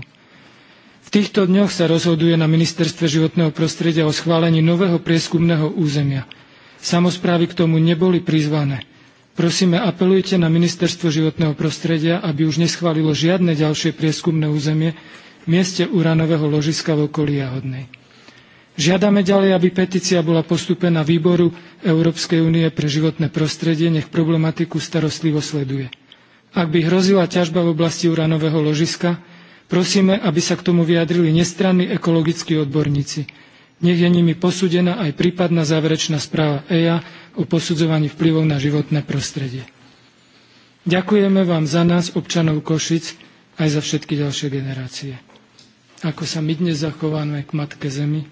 V týchto dňoch sa rozhoduje na Ministerstve životného prostredia o schválení nového prieskumného územia. Samosprávy k tomu neboli prizvané. Prosíme, apelujte na Ministerstvo životného prostredia, aby už neschválilo žiadne ďalšie prieskumné územie v mieste uranového ložiska v okolí Jahodnej. Žiadame ďalej, aby petícia bola postúpená výboru Európskej únie pre životné prostredie, nech problematiku starostlivo sleduje. Ak by hrozila ťažba v oblasti uranového ložiska, prosíme, aby sa k tomu vyjadrili nestranní ekologickí odborníci. Nech je nimi posúdená aj prípadná záverečná správa EIA o posudzovaní vplyvov na životné prostredie. Ďakujeme vám za nás, občanov Košic, aj za všetky ďalšie generácie. Ako sa my dnes zachováme k Matke Zemi,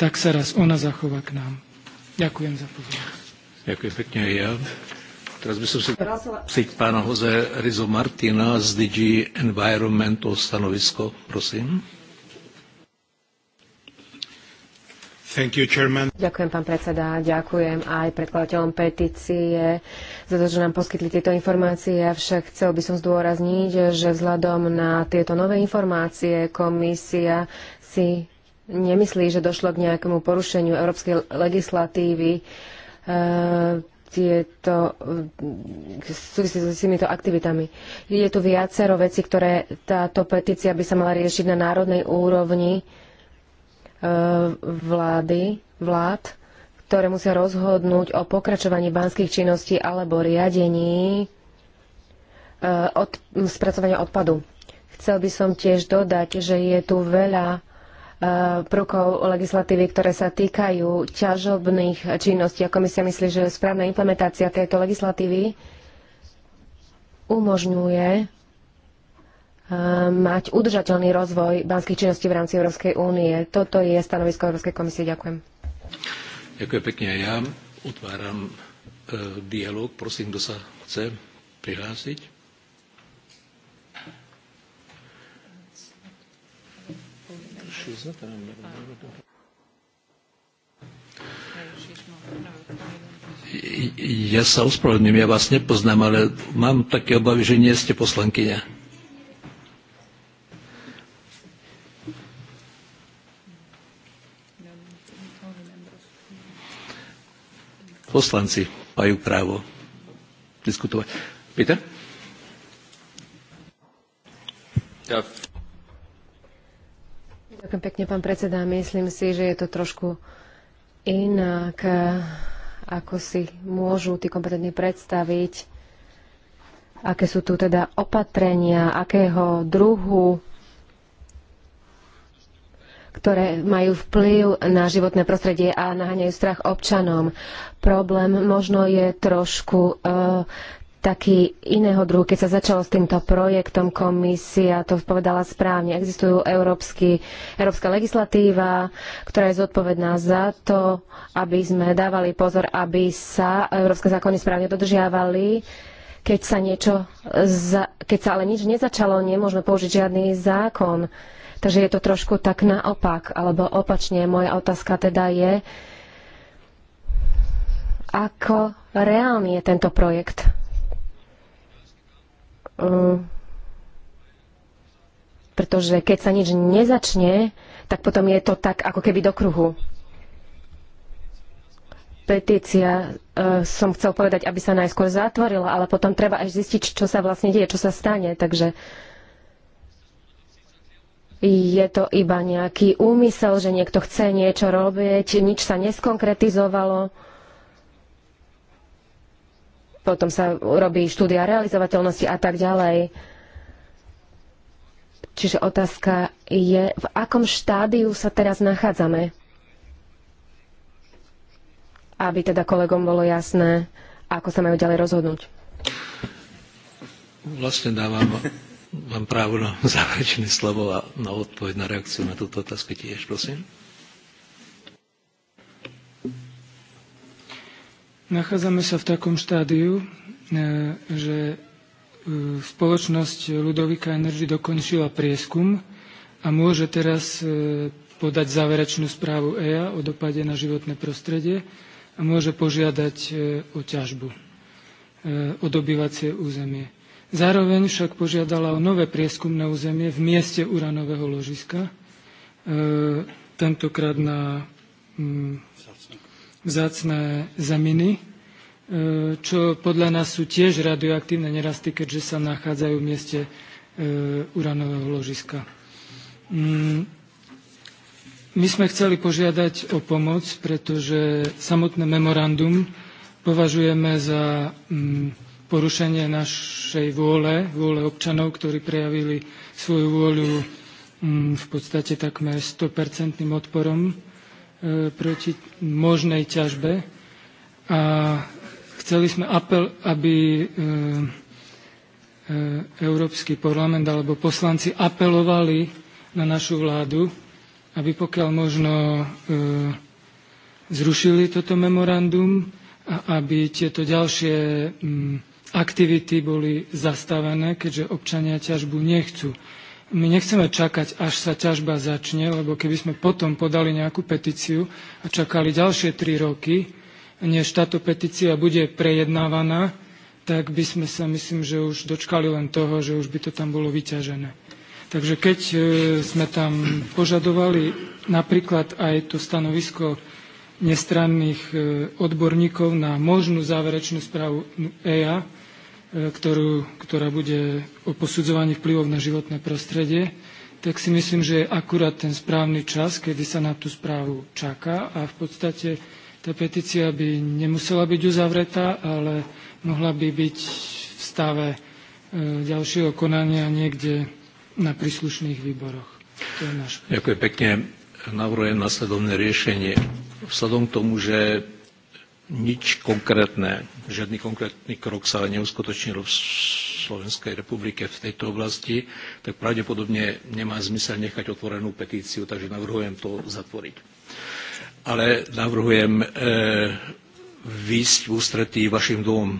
tak sa raz ona zachová k nám. Ďakujem za pozornosť. Ďakujem pekne aj ja. Teraz by som si prosiť pána Jose Rizo Martina z DG Environment o stanovisko, prosím. You, ďakujem, pán predseda. Ďakujem aj predkladateľom petície za to, že nám poskytli tieto informácie. Avšak chcel by som zdôrazniť, že vzhľadom na tieto nové informácie komisia si nemyslí, že došlo k nejakému porušeniu európskej legislatívy. E, tieto, e, súvisí s týmito aktivitami. Je tu viacero vecí, ktoré táto petícia by sa mala riešiť na národnej úrovni e, vlády, vlád, ktoré musia rozhodnúť o pokračovaní banských činností alebo riadení od, spracovania odpadu. Chcel by som tiež dodať, že je tu veľa prvkov legislatívy, ktoré sa týkajú ťažobných činností. A komisia myslí, že správna implementácia tejto legislatívy umožňuje eh, mať udržateľný rozvoj banských činností v rámci Európskej únie. Toto je stanovisko Európskej komisie. Ďakujem. Ďakujem pekne. Ja utváram e, dialog. Prosím, kto sa chce prihlásiť. Ah. Ja sa ospravedlňujem, ja vás nepoznám, ale mám také obavy, že nie ste poslankyňa. Poslanci majú právo diskutovať. Peter? Ja, Ďakujem pekne, pán predseda. Myslím si, že je to trošku inak, eh, ako si môžu tí kompetentní predstaviť, aké sú tu teda opatrenia, akého druhu, ktoré majú vplyv na životné prostredie a naháňajú strach občanom. Problém možno je trošku uh, taký iného druhu. Keď sa začalo s týmto projektom, komisia to povedala správne. Existujú európsky, európska legislatíva, ktorá je zodpovedná za to, aby sme dávali pozor, aby sa európske zákony správne dodržiavali. Keď sa, niečo za, keď sa ale nič nezačalo, nemôžeme použiť žiadny zákon. Takže je to trošku tak naopak, alebo opačne. Moja otázka teda je, ako reálny je tento projekt? E, pretože keď sa nič nezačne, tak potom je to tak ako keby do kruhu. Petícia uh, som chcel povedať, aby sa najskôr zatvorila, ale potom treba až zistiť, čo sa vlastne deje, čo sa stane. Takže je to iba nejaký úmysel, že niekto chce niečo robiť, nič sa neskonkretizovalo potom sa robí štúdia realizovateľnosti a tak ďalej. Čiže otázka je, v akom štádiu sa teraz nachádzame? Aby teda kolegom bolo jasné, ako sa majú ďalej rozhodnúť. Vlastne dávam vám právo na záverečné slovo a na odpoveď na reakciu na túto otázku tiež, prosím. Nachádzame sa v takom štádiu, e, že e, spoločnosť Ludovika Energy dokončila prieskum a môže teraz e, podať záverečnú správu EA o dopade na životné prostredie a môže požiadať o ťažbu, o dobývacie územie. Zároveň však požiadala o nové prieskumné územie v mieste uranového ložiska, tentokrát na mm, vzácné zeminy, e, čo podľa nás sú tiež radioaktívne nerasty, keďže sa nachádzajú v mieste e, uranového ložiska. Mm. My sme chceli požiadať o pomoc, pretože samotné memorandum považujeme za mm, porušenie našej vôle, vôle občanov, ktorí prejavili svoju vôľu mm, v podstate takmer 100% odporom E, proti možnej ťažbe a chceli sme apel, aby e, e, Európsky parlament alebo poslanci apelovali na našu vládu, aby pokiaľ možno zrušili toto memorandum a aby tieto ďalšie aktivity boli zastavené, keďže občania ťažbu nechcú my nechceme čakať, až sa ťažba začne, lebo keby sme potom podali nejakú petíciu a čakali ďalšie tri roky, než táto petícia bude prejednávaná, tak by sme sa, myslím, že už dočkali len toho, že už by to tam bolo vyťažené. Takže keď e, sme tam požadovali napríklad aj to stanovisko nestranných e, odborníkov na možnú záverečnú správu EIA, E, ktorú, ktorá bude o posudzovaní vplyvov na životné prostredie, tak si myslím, že je akurát ten správny čas, kedy sa na tú správu čaká a v podstate tá petícia by nemusela byť uzavretá, ale mohla by byť v stave e, ďalšieho konania niekde na príslušných výboroch. To je náš. Ďakujem pekne. Navrhujem nasledovné riešenie. Vzhľadom k tomu, že nič konkrétne, žiadny konkrétny krok sa neuskutočnil v Slovenskej republike v tejto oblasti, tak pravdepodobne nemá zmysel nechať otvorenú petíciu, takže navrhujem to zatvoriť. Ale navrhujem e, výsť v ústretí vašim dvom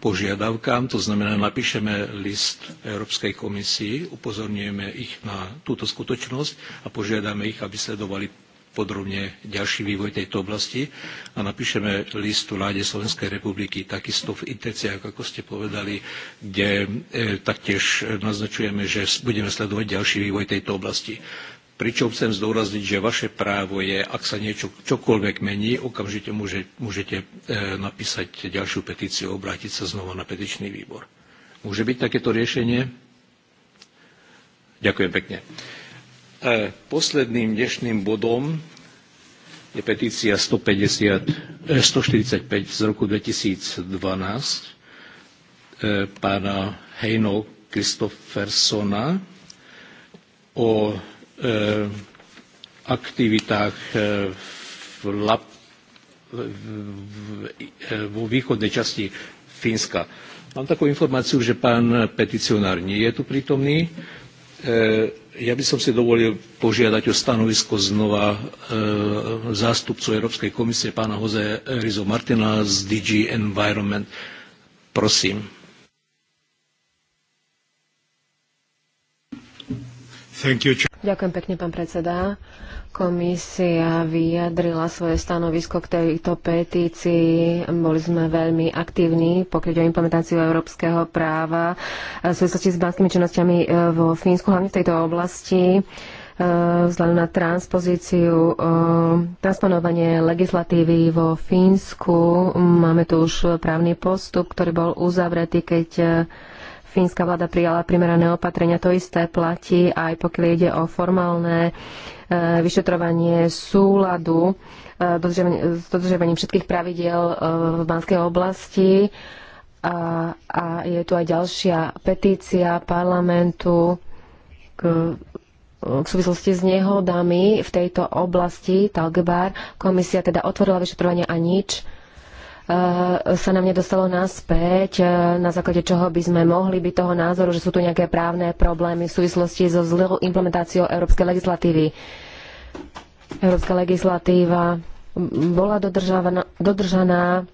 požiadavkám, to znamená, napíšeme list Európskej komisii, upozorňujeme ich na túto skutočnosť a požiadame ich, aby sledovali podrobne ďalší vývoj tejto oblasti a napíšeme list vláde Slovenskej republiky takisto v intenciách, ako ste povedali, kde e, taktiež naznačujeme, že budeme sledovať ďalší vývoj tejto oblasti. Pričom chcem zdôrazniť, že vaše právo je, ak sa niečo čokoľvek mení, okamžite môže, môžete e, napísať ďalšiu petíciu, obrátiť sa znova na petičný výbor. Môže byť takéto riešenie? Ďakujem pekne. E, posledným dnešným bodom je petícia 150, 145 e, z roku 2012 e, pána Heino Kristoffersona o aktivitách v vo východnej časti Fínska. Mám takú informáciu, že pán peticionár nie je tu prítomný. Ja by som si dovolil požiadať o stanovisko znova e, zástupcu Európskej komisie pána Jose Rizo Martina z DG Environment. Prosím. Thank you. Ďakujem pekne, pán predseda. Komisia vyjadrila svoje stanovisko k tejto petícii. Boli sme veľmi aktívni, pokiaľ o implementáciu európskeho práva v súvislosti s banskými činnosťami e, vo Fínsku, hlavne v tejto oblasti e, vzhľadom na transpozíciu, e, transponovanie legislatívy vo Fínsku. Máme tu už právny postup, ktorý bol uzavretý, keď fínska vláda prijala primerané opatrenia. To isté platí aj pokiaľ ide o formálne e, vyšetrovanie súladu e, s dodržiavaním všetkých pravidiel e, v Banskej oblasti. A, a je tu aj ďalšia petícia parlamentu k v súvislosti s nehodami v tejto oblasti Talgebar. Komisia teda otvorila vyšetrovanie a nič Eh, sa nám dostalo naspäť, eh, na základe čoho by sme mohli byť toho názoru, že sú tu nejaké právne problémy v súvislosti so zlou implementáciou európskej legislatívy. Európska legislatíva bola dodržaná,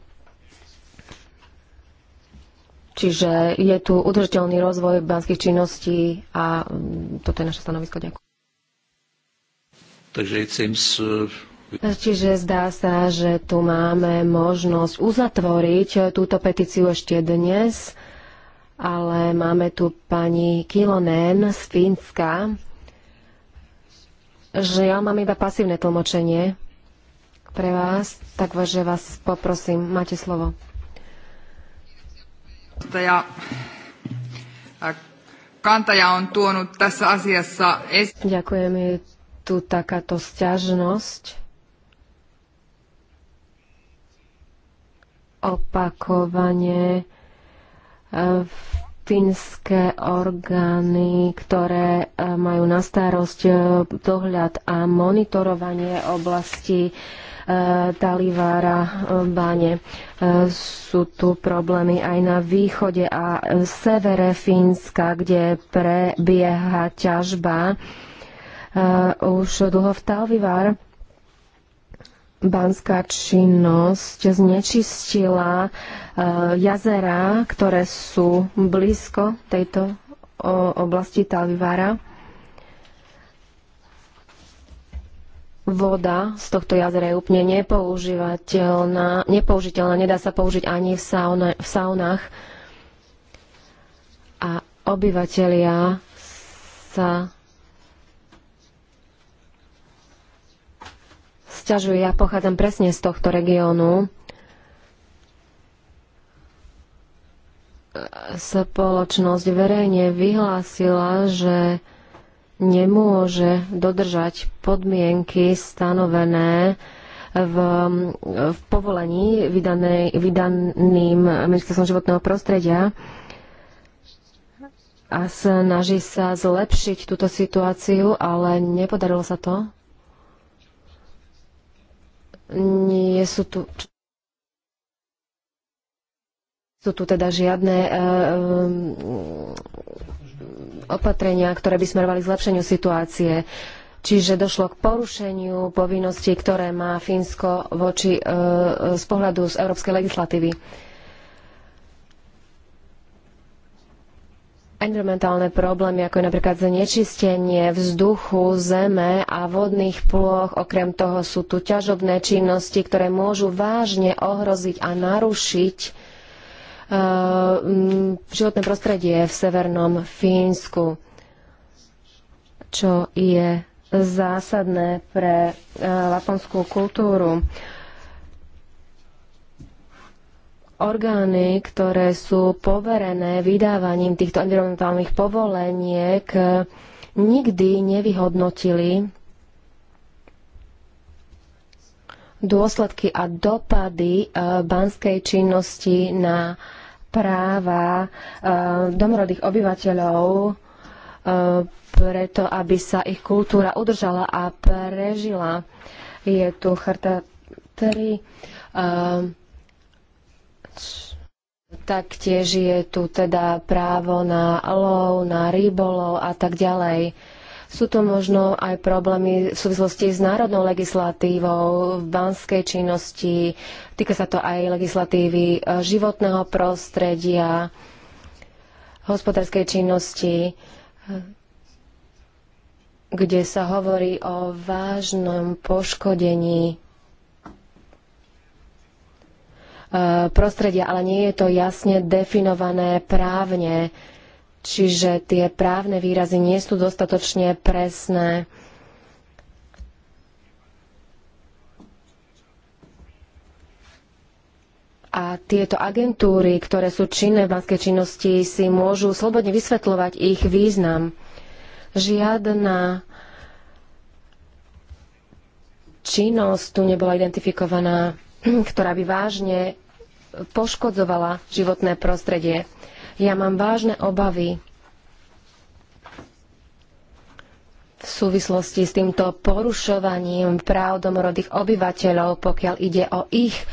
čiže je tu udržateľný rozvoj banských činností a mm, toto je naše stanovisko. Ďakujem. Takže it seems, uh... Čiže zdá sa, že tu máme možnosť uzatvoriť túto petíciu ešte dnes, ale máme tu pani Kilonen z Fínska. Žiaľ, mám iba pasívne tlmočenie pre vás, tak, že vás poprosím, máte slovo. Ďakujem, je tu takáto sťažnosť opakovane e, fínske orgány, ktoré e, majú na starosť e, dohľad a monitorovanie oblasti Talivára bane. Sú tu problémy aj na východe a severe Fínska, kde prebieha ťažba už dlho v Talivára banská činnosť znečistila eh, jazera, ktoré sú blízko tejto oblasti Talivara. Voda z tohto jazera je úplne nepoužívateľná, nepoužiteľná, nedá sa použiť ani v, sauna, v saunách. A obyvatelia sa sťažuje. Ja pochádzam presne z tohto regiónu. Spoločnosť verejne vyhlásila, že nemôže dodržať podmienky stanovené v, v povolení vydané, vydaným ministerstvom životného prostredia a snaží sa zlepšiť túto situáciu, ale nepodarilo sa to nie sú tu sú tu teda žiadne eh, eh, opatrenia, ktoré by smerovali zlepšeniu situácie. Čiže došlo k porušeniu povinností, ktoré má Fínsko voči, uh, z pohľadu z európskej legislatívy. environmentálne problémy, ako je napríklad znečistenie vzduchu, zeme a vodných plôch. Okrem toho sú tu ťažobné činnosti, ktoré môžu vážne ohroziť a narušiť uh, životné prostredie v severnom Fínsku, čo je zásadné pre uh, eh, laponskú kultúru. orgány, ktoré sú poverené vydávaním týchto environmentálnych povoleniek, nikdy nevyhodnotili dôsledky a dopady e, banskej činnosti na práva e, domorodých obyvateľov e, preto, aby sa ich kultúra udržala a prežila. Je tu charta 3 Taktiež je tu teda právo na lov, na rybolov a tak ďalej. Sú to možno aj problémy v súvislosti s národnou legislatívou, v banskej činnosti, týka sa to aj legislatívy e, životného prostredia, hospodárskej činnosti, e, kde sa hovorí o vážnom poškodení prostredia, ale nie je to jasne definované právne, čiže tie právne výrazy nie sú dostatočne presné. A tieto agentúry, ktoré sú činné v banskej činnosti, si môžu slobodne vysvetľovať ich význam. Žiadna činnosť tu nebola identifikovaná, ktorá by vážne poškodzovala životné prostredie. Ja mám vážne obavy v súvislosti s týmto porušovaním práv domorodých obyvateľov, pokiaľ ide o ich e,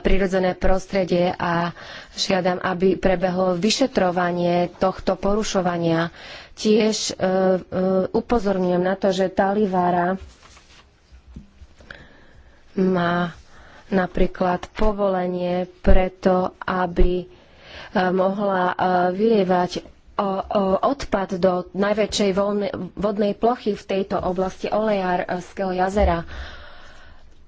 prirodzené prostredie a žiadam, aby prebehlo vyšetrovanie tohto porušovania. Tiež uh, uh, upozorňujem na to, že Talivára má napríklad povolenie preto, aby e, mohla e, vylievať odpad do najväčšej vodnej plochy v tejto oblasti Olejarského jazera.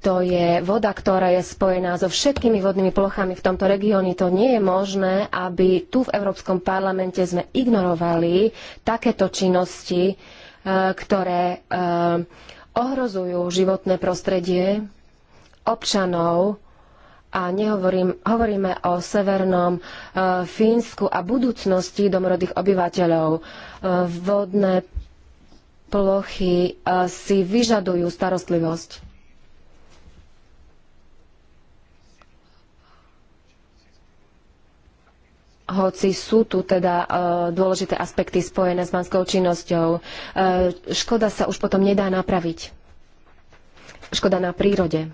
To je voda, ktorá je spojená so všetkými vodnými plochami v tomto regióne. To nie je možné, aby tu v Európskom parlamente sme ignorovali takéto činnosti, e, ktoré ohrozujú životné prostredie občanov a nehovorím, hovoríme o severnom e, Fínsku a budúcnosti domorodých obyvateľov. E, vodné plochy e, si vyžadujú starostlivosť. hoci sú tu teda e, dôležité aspekty spojené s manskou činnosťou, e, škoda sa už potom nedá napraviť. Škoda na prírode.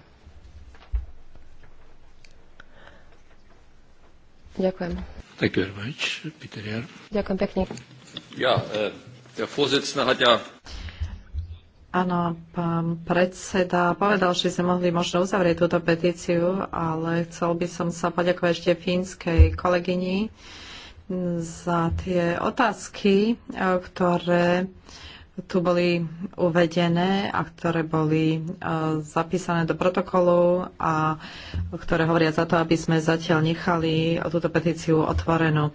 Ďakujem. Thank you very much, Peter Jar. Ďakujem pekne. Ja, eh, ja hat ja... Áno, pán predseda povedal, že sme mohli možno uzavrieť túto petíciu, ale chcel by som sa poďakovať ešte fínskej kolegyni za tie otázky, eh, ktoré tu boli uvedené a ktoré boli e, zapísané do protokolu a ktoré hovoria za to, aby sme zatiaľ nechali túto petíciu otvorenú. E,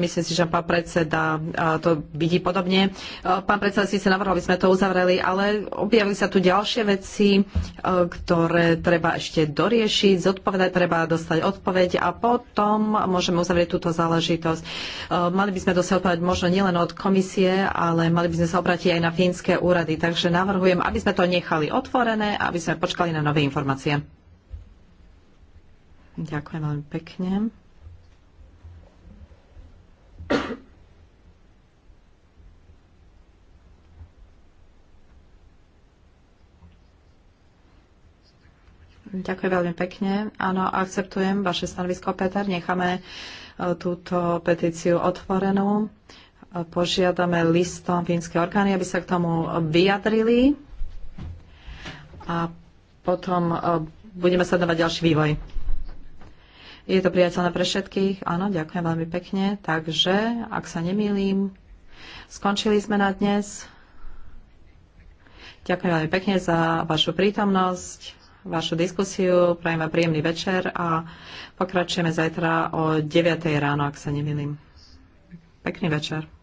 myslím si, že pán predseda e, to vidí podobne. Pán predseda si sa navrhol, aby sme to uzavreli, ale objavili sa tu ďalšie veci, ktoré treba ešte doriešiť, zodpovedať, treba dostať odpoveď a potom môžeme uzavrieť túto záležitosť. Mali by sme dosť odpovedať možno nielen od komisie, ale mali by sme sa obratí aj na fínske úrady. Takže navrhujem, aby sme to nechali otvorené a aby sme počkali na nové informácie. Ďakujem veľmi pekne. Ďakujem veľmi pekne. Áno, akceptujem vaše stanovisko, Peter. Necháme e, túto petíciu otvorenú požiadame listom fínske orgány, aby sa k tomu vyjadrili a potom e, budeme sledovať ďalší vývoj. Je to priateľné pre všetkých? Áno, ďakujem veľmi pekne. Takže, ak sa nemýlim, skončili sme na dnes. Ďakujem veľmi pekne za vašu prítomnosť, vašu diskusiu. Prajem vám príjemný večer a pokračujeme zajtra o 9. ráno, ak sa nemýlim. Pekný večer.